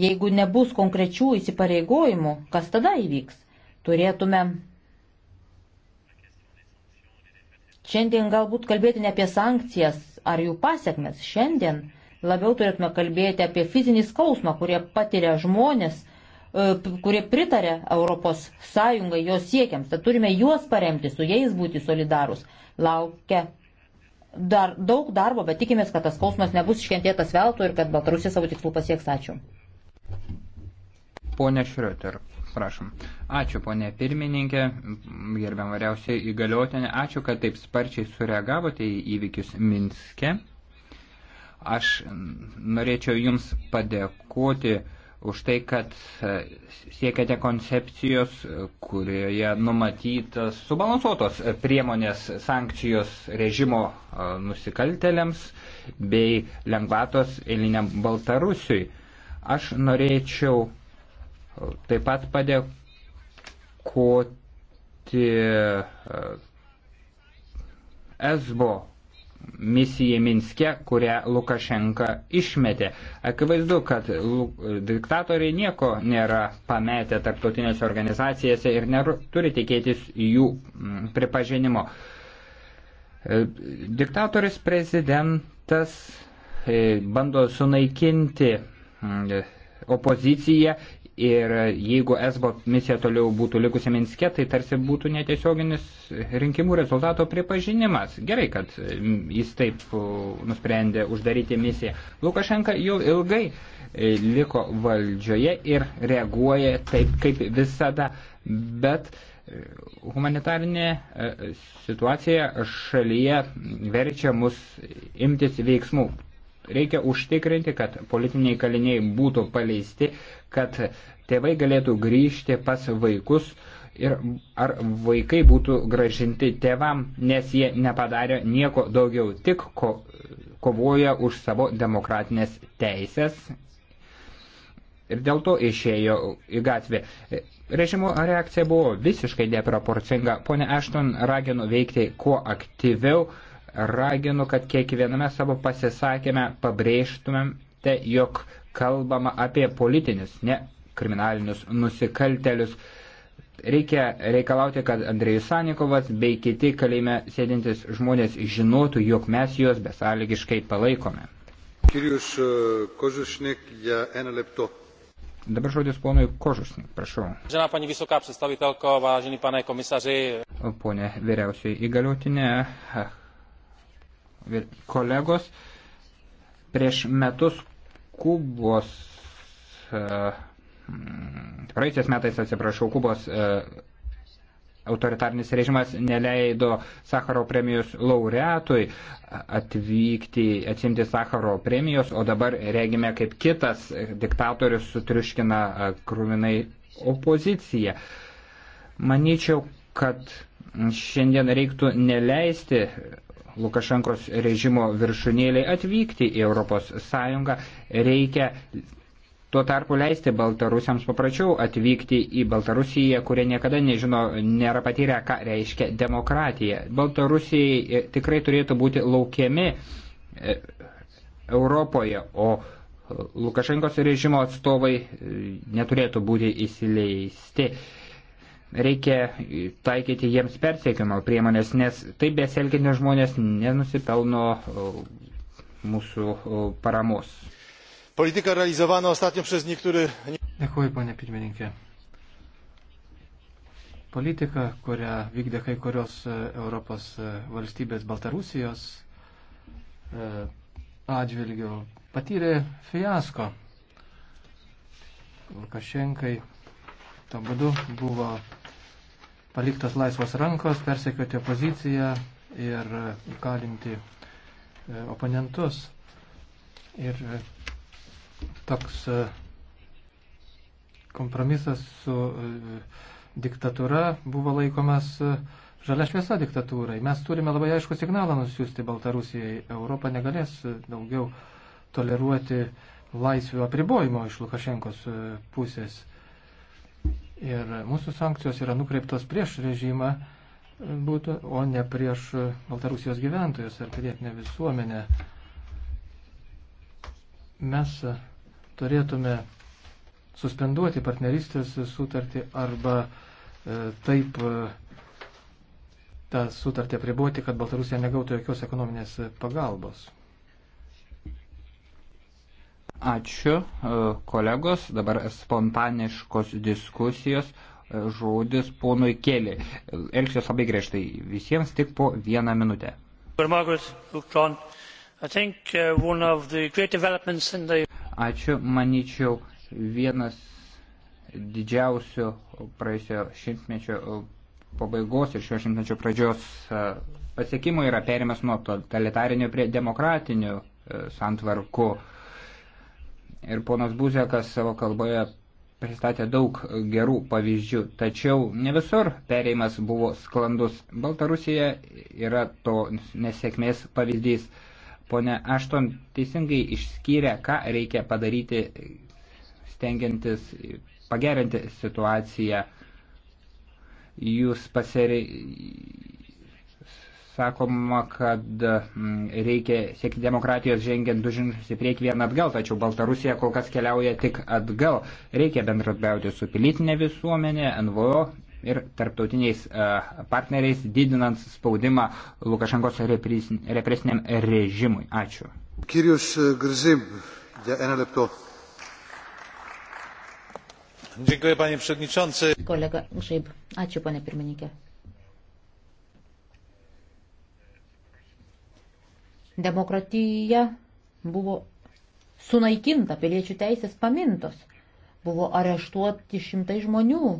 Jeigu nebus konkrečių įsipareigojimų, kas tada įvyks? Turėtume šiandien galbūt kalbėti ne apie sankcijas ar jų pasiekmes. Šiandien labiau turėtume kalbėti apie fizinį skausmą, kurie patiria žmonės, e, kurie pritarė Europos Sąjungai jos siekiams. Tad turime juos paremti, su jais būti solidarus. Laukia dar daug darbo, bet tikimės, kad tas skausmas nebus iškentėtas veltui ir kad Baltarusija savo tikslų pasieks. Ačiū. Pone Šrioter, prašom. Ačiū, ponė pirmininkė, gerbiam variausiai įgaliotinė. Ačiū, kad taip sparčiai sureagavote į įvykius Minske. Aš norėčiau Jums padėkoti už tai, kad e, siekiate koncepcijos, kurioje numatytas subalansuotos priemonės sankcijos režimo e, nusikaltelėms bei lengvatos eiliniam Baltarusiui. Aš norėčiau Taip pat padėkoti e, ESBO misija Minske, kurią Lukašenka išmetė. Akivaizdu, kad diktatoriai nieko nėra pametę tarptautinėse organizacijose ir neturi tikėtis jų mm, pripažinimo. E, diktatorius prezidentas e, bando sunaikinti mm, opoziciją Ir jeigu esbo misija toliau būtų likusi Minske, tai tarsi būtų netiesioginis rinkimų rezultato pripažinimas. Gerai, kad jis taip nusprendė uždaryti misiją. Lukašenka jau ilgai e, liko valdžioje ir reaguoja taip kaip visada, bet e, humanitarinė e, situacija šalyje verčia mus imtis veiksmų. Reikia užtikrinti, kad politiniai kaliniai būtų paleisti, kad tėvai galėtų grįžti pas vaikus ir ar vaikai būtų gražinti tėvam, nes jie nepadarė nieko daugiau, tik ko, kovoja už savo demokratinės teisės. Ir dėl to išėjo į gatvę. Režimo reakcija buvo visiškai neproporcinga. Pone Ashton ragino veikti kuo aktyviau raginu, kad kiekviename savo pasisakėme pabrėžtumėte, jog kalbama apie politinius, ne kriminalinius nusikaltelius. Reikia reikalauti, kad Andrėjus Sanikovas bei kiti kalėjime sėdintis žmonės žinotų, jog mes juos besąlygiškai palaikome. Kirius e, Kozušnik, ja, Dabar žodis ponui Kožusnik, prašau. Žena, pani vysoká predstavitelko, vážený pane komisaři. Pone vyriausiai įgaliotinė, kolegos. Prieš metus Kubos, e, praeisiais metais atsiprašau, Kubos e, autoritarnis režimas neleido Sakaro premijos laureatui atvykti, atsimti Sakaro premijos, o dabar regime, kaip kitas diktatorius sutriuškina e, krūvinai opoziciją. Manyčiau, kad šiandien reiktų neleisti Lukašenkos režimo viršūnėliai atvykti į ES, reikia tuo tarpu leisti baltarusiams paprašiau atvykti į Baltarusiją, kurie niekada nežino, nėra patyrę, ką reiškia demokratija. Baltarusijai e, tikrai turėtų būti laukiami e, Europoje, o e, Lukašenkos režimo atstovai neturėtų būti įsileisti reikia taikyti jiems persiekimo priemonės, nes taip besielginti žmonės nenusipelno uh, mūsų uh, paramos. Politika realizowana ostatnio przez niektóry. Dėkuoju, ponė pirmininkė. Politika, kurią vykdė kai kurios e, Europos e, valstybės Baltarusijos e, atžvilgių, patyrė fiasko. Lukašenkai tuo būdu buvo paliktos laisvos rankos persekioti opoziciją ir įkalinti e, oponentus. Ir e, toks e, kompromisas su diktatūra buvo laikomas žalia šviesa diktatūrai. Mes turime labai aišku signalą nusiųsti Baltarusijai. Europa negalės daugiau toleruoti laisvių apribojimo iš Lukašenkos pusės. Ir mūsų sankcijos yra nukreiptos prieš režimą, būtų, o ne prieš Baltarusijos gyventojus ar pilietinę visuomenę. Mes turėtume suspenduoti partnerystės sutartį arba e, taip e, tą sutartį apriboti, kad Baltarusija negautų jokios ekonominės pagalbos. Ačiū, e, kolegos. Dabar spontaniškos diskusijos. E, žodis ponui kėlė. Elgsiuos labai griežtai. Visiems tik po vieną minutę. Uh, Ačiū, manyčiau, vienas didžiausių praėjusio šimtmečio e, pabaigos ir šio šimtmečio pradžios pasiekimų yra perimas nuo totalitarinio prie demokratinių santvarkų ir ponas Buzekas savo kalboje pristatė daug gerų pavyzdžių, tačiau ne visur pereimas buvo sklandus. Baltarusija yra to nesėkmės pavyzdys. Pone Ašton teisingai išskyrė, ką reikia padaryti, stengiantis pagerinti situaciją. Jūs pasirei sakoma, kad mm, reikia siekti demokratijos žengiant du žingsnius į priekį vieną atgal, tačiau Baltarusija kol kas keliauja tik atgal. Reikia bendradarbiauti su pilietinė visuomenė, NVO ir tarptautiniais e, partneriais, didinant spaudimą Lukašenkos represiniam režimui. Ačiū. Kyrius Grzim, NLPO. Dziękuję, panie przewodniczący. Kolega Grzyb. Ačiū, panie pirmininkė. Demokratija buvo sunaikinta, piliečių teisės pamintos, buvo areštuoti šimtai žmonių, e,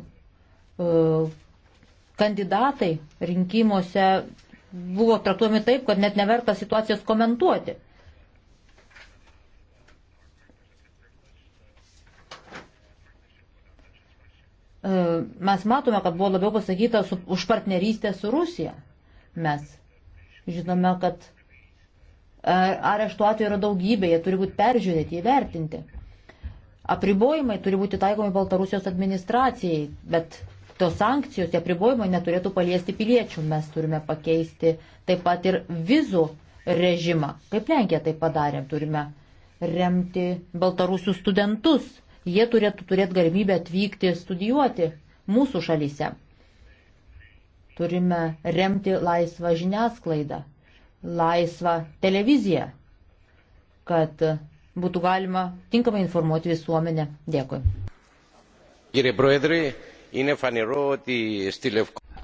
kandidatai rinkimuose buvo traktuojami taip, kad net neverta situacijos komentuoti. E, mes matome, kad buvo labiau pasakyta su, už partnerystę su Rusija. Mes žinome, kad E, areštų atveju yra daugybė, jie turi būti peržiūrėti, įvertinti. Apribojimai turi būti taikomi Baltarusijos administracijai, bet tos sankcijos, tie apribojimai neturėtų paliesti piliečių. Mes turime pakeisti taip pat ir vizų režimą. Kaip Lenkija tai padarė, turime remti baltarusių studentus. Jie turėtų turėti galimybę atvykti studijuoti mūsų šalyse. Turime remti laisvą žiniasklaidą laisvą televiziją, kad būtų galima tinkamai informuoti visuomenę. Dėkui.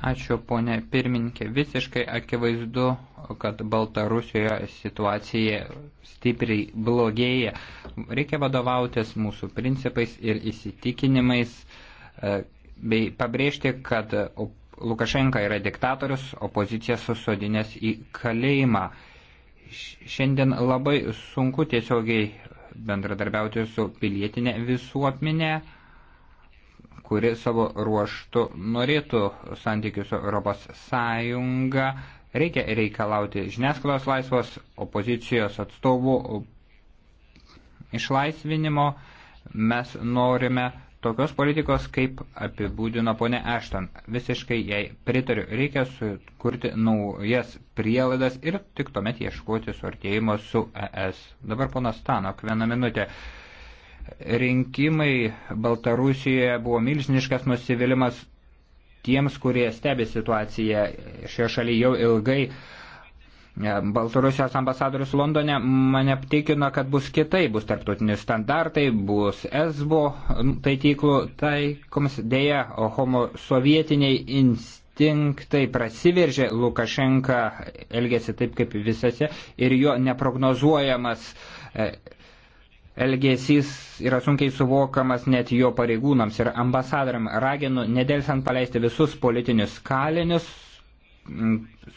Ačiū, ponė pirmininkė. Visiškai akivaizdu, kad Baltarusijoje situacija stipriai blogėja. Reikia vadovautis mūsų principais ir įsitikinimais e, bei pabrėžti, kad Lukašenka yra diktatorius, opozicija susodinės į kalėjimą. Šiandien labai sunku tiesiogiai bendradarbiauti su pilietinė visuomenė, kuri savo ruoštų norėtų santykių su Europos Sąjunga. Reikia reikalauti žiniasklaidos laisvos, opozicijos atstovų išlaisvinimo. Mes norime tokios politikos, kaip apibūdino ponė Ešton. Visiškai jai pritariu, reikia sukurti naujas prielaidas ir tik tuomet ieškoti suartėjimo su ES. Dabar ponas Stanok, vieną minutę. Rinkimai Baltarusijoje buvo milžiniškas nusivylimas tiems, kurie stebi situaciją šioje šalyje jau ilgai. Baltarusijos ambasadorius Londone mane tikino, kad bus kitai, bus tarptautiniai standartai, bus esbo taikyklų taikoms, dėja, homo sovietiniai instinktai prasiveržė, Lukašenka elgėsi taip kaip visose ir jo neprognozuojamas e, elgesys yra sunkiai suvokamas net jo pareigūnams ir ambasadoriam raginu nedelsant paleisti visus politinius kalinius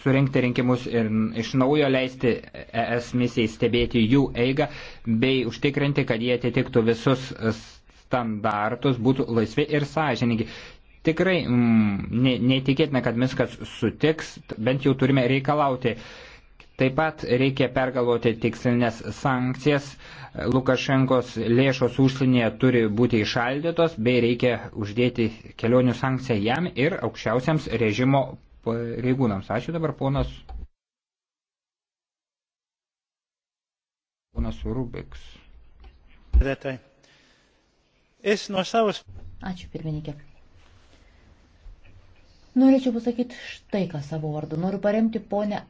surenkti rinkimus ir iš naujo leisti ES misijai stebėti jų eigą bei užtikrinti, kad jie atitiktų visus standartus, būtų laisvi ir sąžiningi. Tikrai mm, neįtikėtina, kad Minskas sutiks, bent jau turime reikalauti. Taip pat reikia pergalvoti tikslinės sankcijas, Lukašenkos lėšos užsienyje turi būti išaldytos, bei reikia uždėti kelionių sankciją jam ir aukščiausiams režimo pareigūnams. Ačiū dabar ponas. Ponas Rubiks. Ačiū pirmininkė. Norėčiau pasakyti štai ką savo vardu. Noriu paremti ponę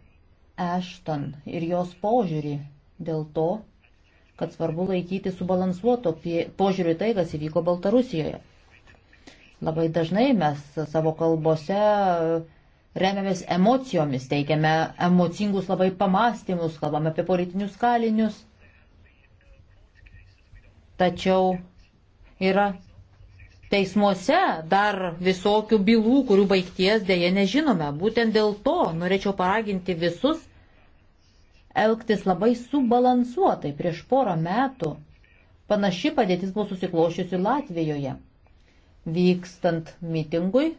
Ashton ir jos požiūrį dėl to, kad svarbu laikyti subalansuoto požiūrį tai, kas įvyko Baltarusijoje. Labai dažnai mes savo kalbose remiamės emocijomis, teikiame emocingus labai pamastymus, kalbame apie politinius kalinius. Tačiau yra teismuose dar visokių bylų, kurių baigties dėje nežinome. Būtent dėl to norėčiau paraginti visus elgtis labai subalansuotai. Prieš porą metų panaši padėtis buvo susiklošiusi Latvijoje. Vykstant mitingui,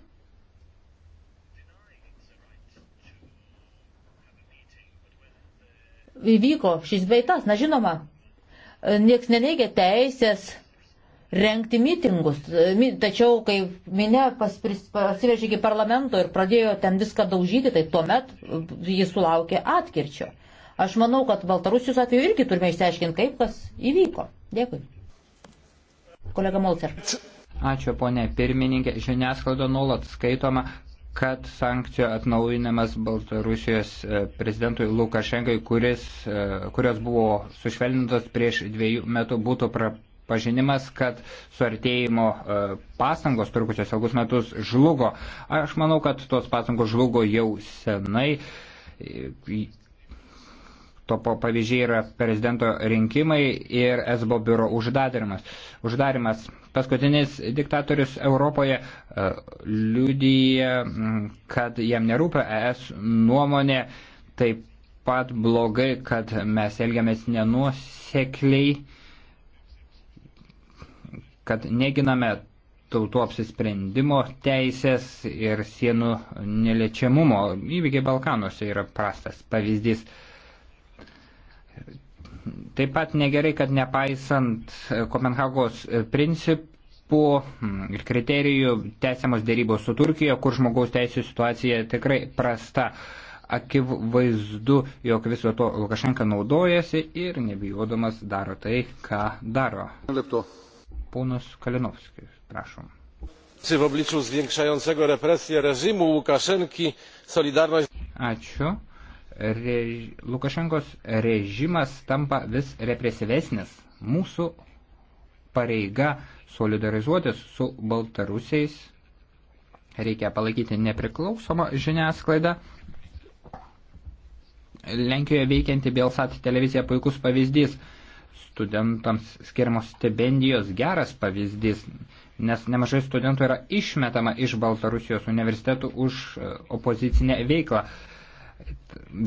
įvyko šis beitas. Na žinoma, nieks neneigia teisės renkti mitingus. Tačiau, kai minė pasivežė iki parlamento ir pradėjo ten viską daužyti, tai tuomet jis sulaukė atkirčio. Aš manau, kad Baltarusijos atveju irgi turime išsiaiškinti, kaip kas įvyko. Dėkui. Kolega Molcer. Ačiū, ponė pirmininkė. Žiniasklaido nuolat skaitoma, kad sankcijų atnaujinimas Baltarusijos e, prezidentui Lukašenkai, kuris, e, kurios buvo sušvelnintos prieš dviejų metų, būtų pažinimas, kad suartėjimo e, pastangos trukusios ilgus metus žlugo. Aš manau, kad tos pastangos žlugo jau senai. To pavyzdžiai yra prezidento rinkimai ir SBO biuro uždarimas. uždarimas. Paskutinis diktatorius Europoje e, liudyja, kad jam nerūpia ES nuomonė, taip pat blogai, kad mes elgiamės nenuosekliai, kad neginame tautų apsisprendimo teisės ir sienų neliečiamumo. Įvykiai Balkanuose yra prastas pavyzdys. Taip pat negerai, kad nepaisant e, Kopenhagos e, principų ir kriterijų tęsiamas dėrybos su Turkija, kur žmogaus teisų situacija tikrai prasta. Akivaizdu, jog viso to Lukašenka naudojasi ir nebijodamas daro tai, ką daro. Ponas Kalinovskis, prašom. W obliczu zwiększającego represję reżimu Łukaszenki Solidarność. Ačiū rež... Lukašenkos režimas tampa vis represyvesnis. Mūsų pareiga solidarizuotis su baltarusiais. Reikia palaikyti nepriklausomą žiniasklaidą. Lenkijoje veikianti Bielsat televizija puikus pavyzdys. Studentams skiriamos stipendijos geras pavyzdys, nes nemažai studentų yra išmetama iš Baltarusijos universitetų už e, opozicinę veiklą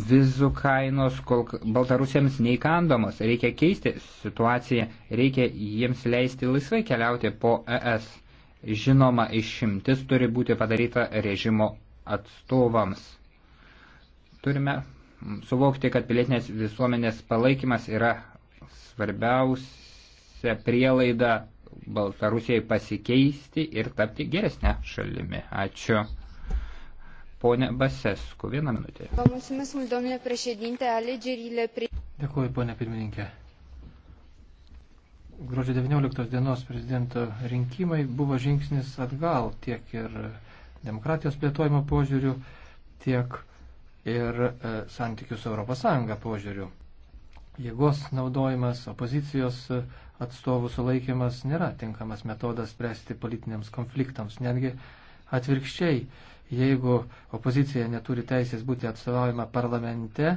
vizų kainos kol Baltarusiems neįkandomos. Reikia keisti situaciją, reikia jiems leisti laisvai keliauti po ES. Žinoma, išimtis turi būti padaryta režimo atstovams. Turime suvokti, kad pilietinės visuomenės palaikymas yra svarbiausia prielaida Baltarusijai pasikeisti ir tapti geresnę šalimi. Ačiū. Pone Basescu, vieną minutę. Dėkuoju, ponė pirmininkė. Gruodžio 19 dienos prezidento rinkimai buvo žingsnis atgal tiek ir demokratijos plėtojimo požiūrių, tiek ir e, santykių su ES požiūriu. Jėgos naudojimas, opozicijos e, atstovų sulaikimas nėra tinkamas metodas spręsti politiniams konfliktams, netgi atvirkščiai jeigu opozicija neturi teisės būti atstovaujama parlamente,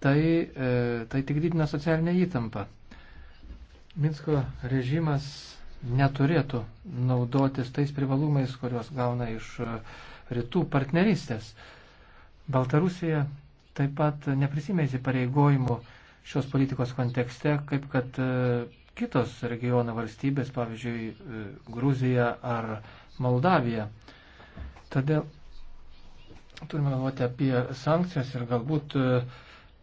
tai, e, tai tik didina socialinę įtampą. Minsko režimas neturėtų naudotis tais privalumais, kuriuos gauna iš e, rytų partnerystės. Baltarusija taip pat neprisime įsipareigojimų šios politikos kontekste, kaip kad e, kitos regiono valstybės, pavyzdžiui, e, Gruzija ar Moldavija. Todėl turime galvoti apie sankcijas ir galbūt e,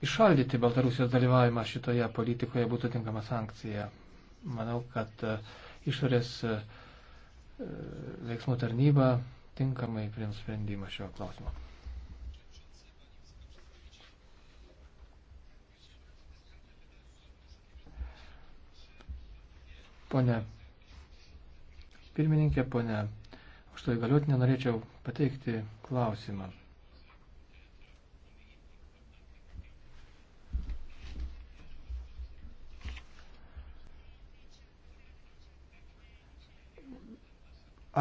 išaldyti Baltarusijos dalyvavimą šitoje politikoje būtų tinkama sankcija. Manau, kad e, išorės e, veiksmų tarnyba tinkamai priims sprendimą šio klausimo. Pone pirmininkė, pone Už to tai įgaliotinę norėčiau pateikti klausimą.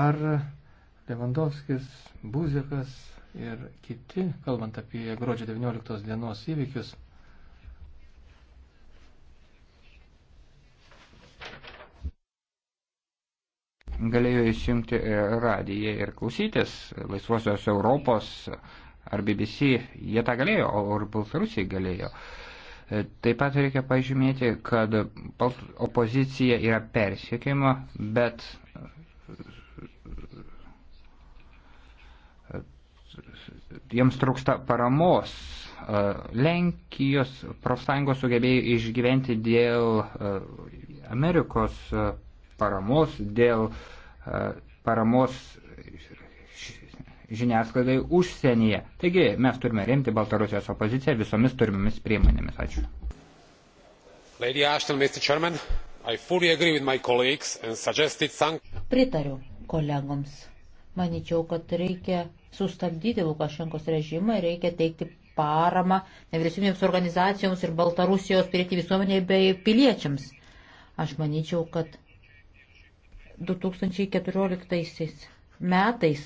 Ar Levandovskis, Buzekas ir kiti, kalbant apie gruodžio 19 dienos įvykius, galėjo įsijungti radiją ir klausytis Laisvosios Europos ar BBC. Jie tą galėjo, o ir Baltarusiai galėjo. Taip pat reikia pažymėti, kad opozicija yra persiekiama, bet jiems trūksta paramos. Lenkijos profsąjungos sugebėjo išgyventi dėl e, Amerikos e, paramos, dėl e, paramos žiniasklaidai užsienyje. Taigi mes turime remti Baltarusijos opoziciją visomis turimomis priemonėmis. Ačiū. Lady Ashton, Mr. Chairman, I fully agree with my colleagues and suggested some... Pritariu kolegoms. Maničiau, kad reikia sustabdyti Lukašenkos režimą ir reikia teikti paramą nevyriausybinėms organizacijoms ir Baltarusijos pilietį visuomeniai bei piliečiams. Aš manyčiau, kad 2014 metais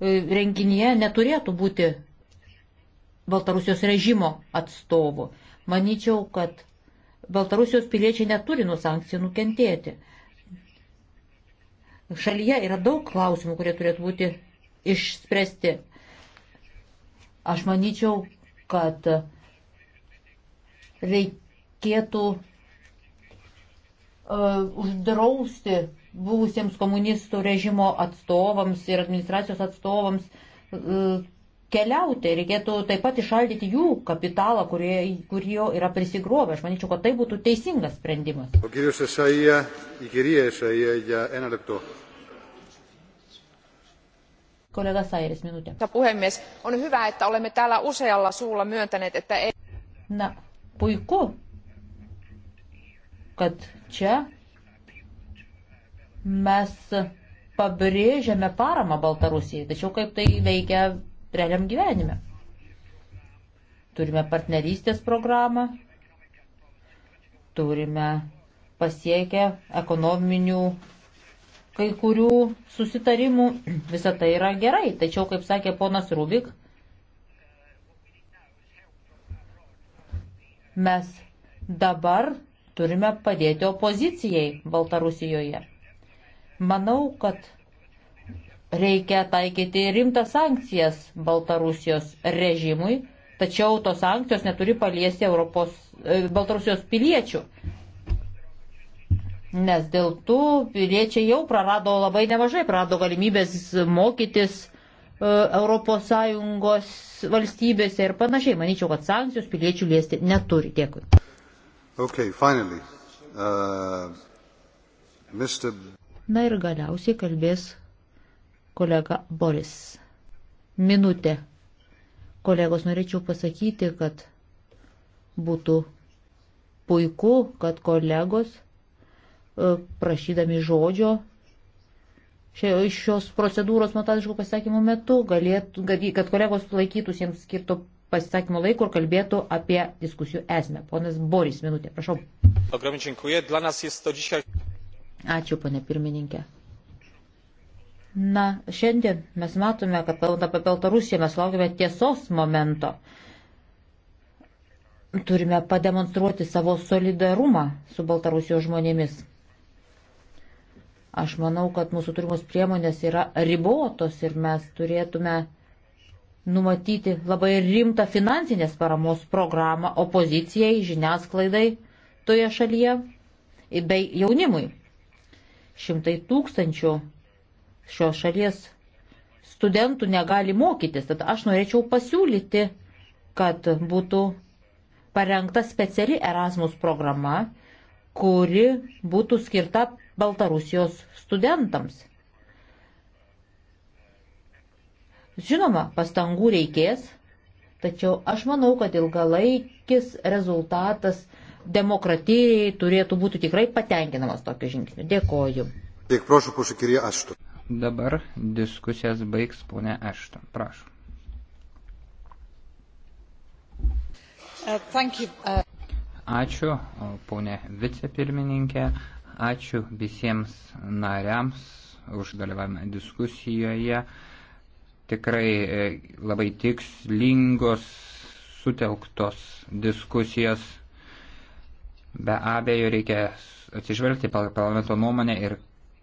e, renginyje neturėtų būti Baltarusijos režimo atstovų. Maničiau, kad Baltarusijos piliečiai neturi nuo sankcijų nukentėti. Šalyje yra daug klausimų, kurie turėtų būti išspręsti. Aš manyčiau, kad reikėtų E, uždrausti buvusiems komunistų režimo atstovams ir administracijos atstovams e, keliauti, reikėtų taip pat išaldyti jų kapitalą, kurie, kurio yra prisigrovę. Aš manyčiau, kad tai būtų teisingas sprendimas. O kirius Esaija, į kiriją Esaija, ja eną lepto. Kollega Sairis, minutė. Puhemies, on hyvä, että olemme täällä usealla suulla myöntäneet, että... Na, puiku, kad čia mes pabrėžiame paramą Baltarusijai, tačiau kaip tai veikia realiam gyvenime. Turime partnerystės programą, turime pasiekę ekonominių kai kurių susitarimų, visa tai yra gerai. Tačiau, kaip sakė ponas Rubik, mes dabar Turime padėti opozicijai Baltarusijoje. Manau, kad reikia taikyti rimtas sankcijas Baltarusijos režimui, tačiau tos sankcijos neturi paliesti Europos, e, Baltarusijos piliečių. Nes dėl tų piliečiai jau prarado labai nemažai, prarado galimybės mokytis e, ES valstybėse ir panašiai. Manyčiau, kad sankcijos piliečių liesti neturi. Dėkui. Okay, finally, uh, Mr... Na ir galiausiai kalbės kolega Boris. Minutė. Kolegos, norėčiau pasakyti, kad būtų puiku, kad kolegos, e, prašydami žodžio, šios procedūros matališkų pasakymų metu, galėtų, kad kolegos laikytųsi jiems skirto pasisakymo laiko ir kalbėtų apie diskusijų esmę. Ponas Boris, minutė, prašau. Ačiū, ponė pirmininkė. Na, šiandien mes matome, kad kalbant apie Baltarusiją, mes laukiame tiesos momento. Turime pademonstruoti savo solidarumą su Baltarusijos žmonėmis. Aš manau, kad mūsų turimos priemonės yra ribotos ir mes turėtume uh, numatyti labai rimtą finansinės paramos programą opozicijai, žiniasklaidai toje šalyje bei jaunimui. Šimtai tūkstančių šios šalies studentų negali mokytis, tad aš norėčiau pasiūlyti, kad būtų parengta speciali Erasmus programa, kuri būtų skirta Baltarusijos studentams Žinoma, pastangų reikės, tačiau aš manau, kad ilgalaikis rezultatas demokratijai turėtų būti tikrai patenkinamas tokiu žingsniu. Dėkoju. Tiek prašau, pašakirė Ašton. Dabar diskusijas baigs ponė Ašton. Prašau. Uh, uh, Ačiū, ponė vicepirmininkė. Ačiū visiems nariams už dalyvavimą diskusijoje tikrai e, labai tikslingos, sutelktos diskusijos. Be abejo, reikia atsižvelgti parlamento nuomonę ir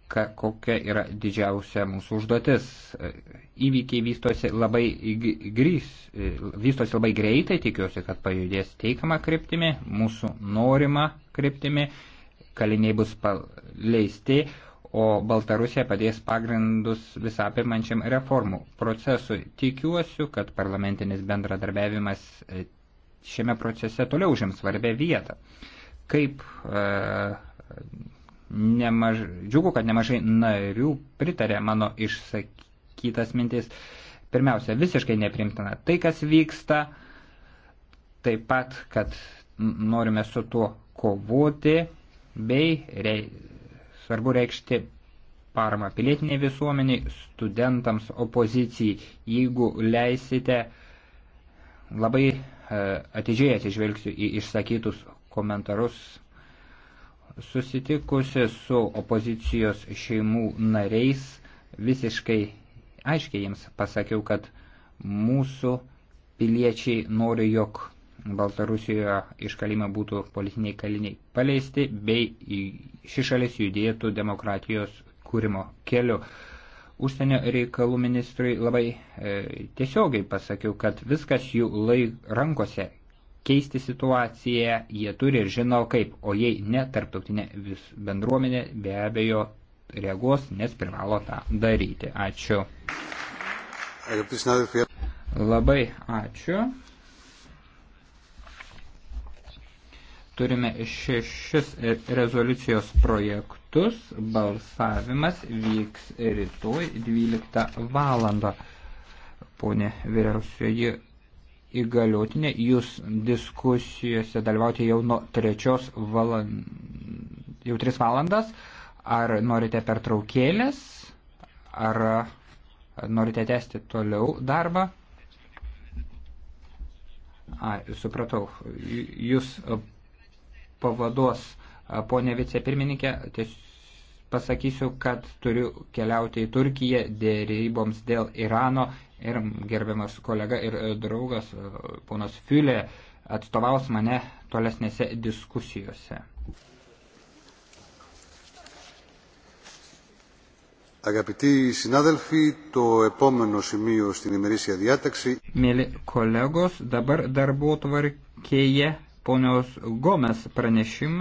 ka, kokia yra didžiausia mūsų užduotis. E, įvykiai vystosi labai, grys, e, vystosi labai greitai, tikiuosi, kad pajudės teikiamą kryptimį, mūsų norimą kryptimį, kaliniai bus paleisti, o Baltarusija padės pagrindus visapimančiam reformų procesui. Tikiuosi, kad parlamentinis bendradarbiavimas e, šiame procese toliau užims svarbę vietą. Kaip e, nemaž, džiugu, kad nemažai narių pritarė mano išsakytas mintis. Pirmiausia, visiškai neprimtina tai, kas vyksta, taip pat, kad norime su tuo kovoti, bei rei, Svarbu reikšti paramą pilietiniai visuomeniai, studentams, opozicijai. Jeigu leisite, labai e, atidžiai atsižvelgsiu į išsakytus komentarus. Susitikusi su opozicijos šeimų nariais, visiškai aiškiai jiems pasakiau, kad mūsų piliečiai nori, jog Baltarusijoje iš kalėjimo būtų politiniai kaliniai paleisti, bei ši šalis judėtų demokratijos kūrimo keliu. Užsienio reikalų ministrui labai e, tiesiogiai pasakiau, kad viskas jų laik rankose keisti situaciją, jie turi ir žino kaip, o jei ne, tarptautinė vis bendruomenė be abejo reaguos, nes privalo tą daryti. Ačiū. Labai ačiū. turime šešis rezoliucijos projektus. Balsavimas vyks rytoj 12 valandą. Pone vyriausioji įgaliotinė, jūs diskusijose dalyvauti jau nuo trečios valandos, jau tris valandas. Ar norite pertraukėlės, ar norite tęsti toliau darbą? A, supratau. Jūs pavaduos ponė vicepirmininkė. Pasakysiu, kad turiu keliauti į Turkiją dėryboms dėl Irano ir gerbiamas kolega ir e, draugas e, ponas Fiulė atstovaus mane tolesnėse diskusijose. Αγαπητοί συνάδελφοι, το επόμενο σημείο στην ημερήσια διάταξη. Μέλη κολέγος, dabar darbo tvarkėje ponios Gomes pranešimą.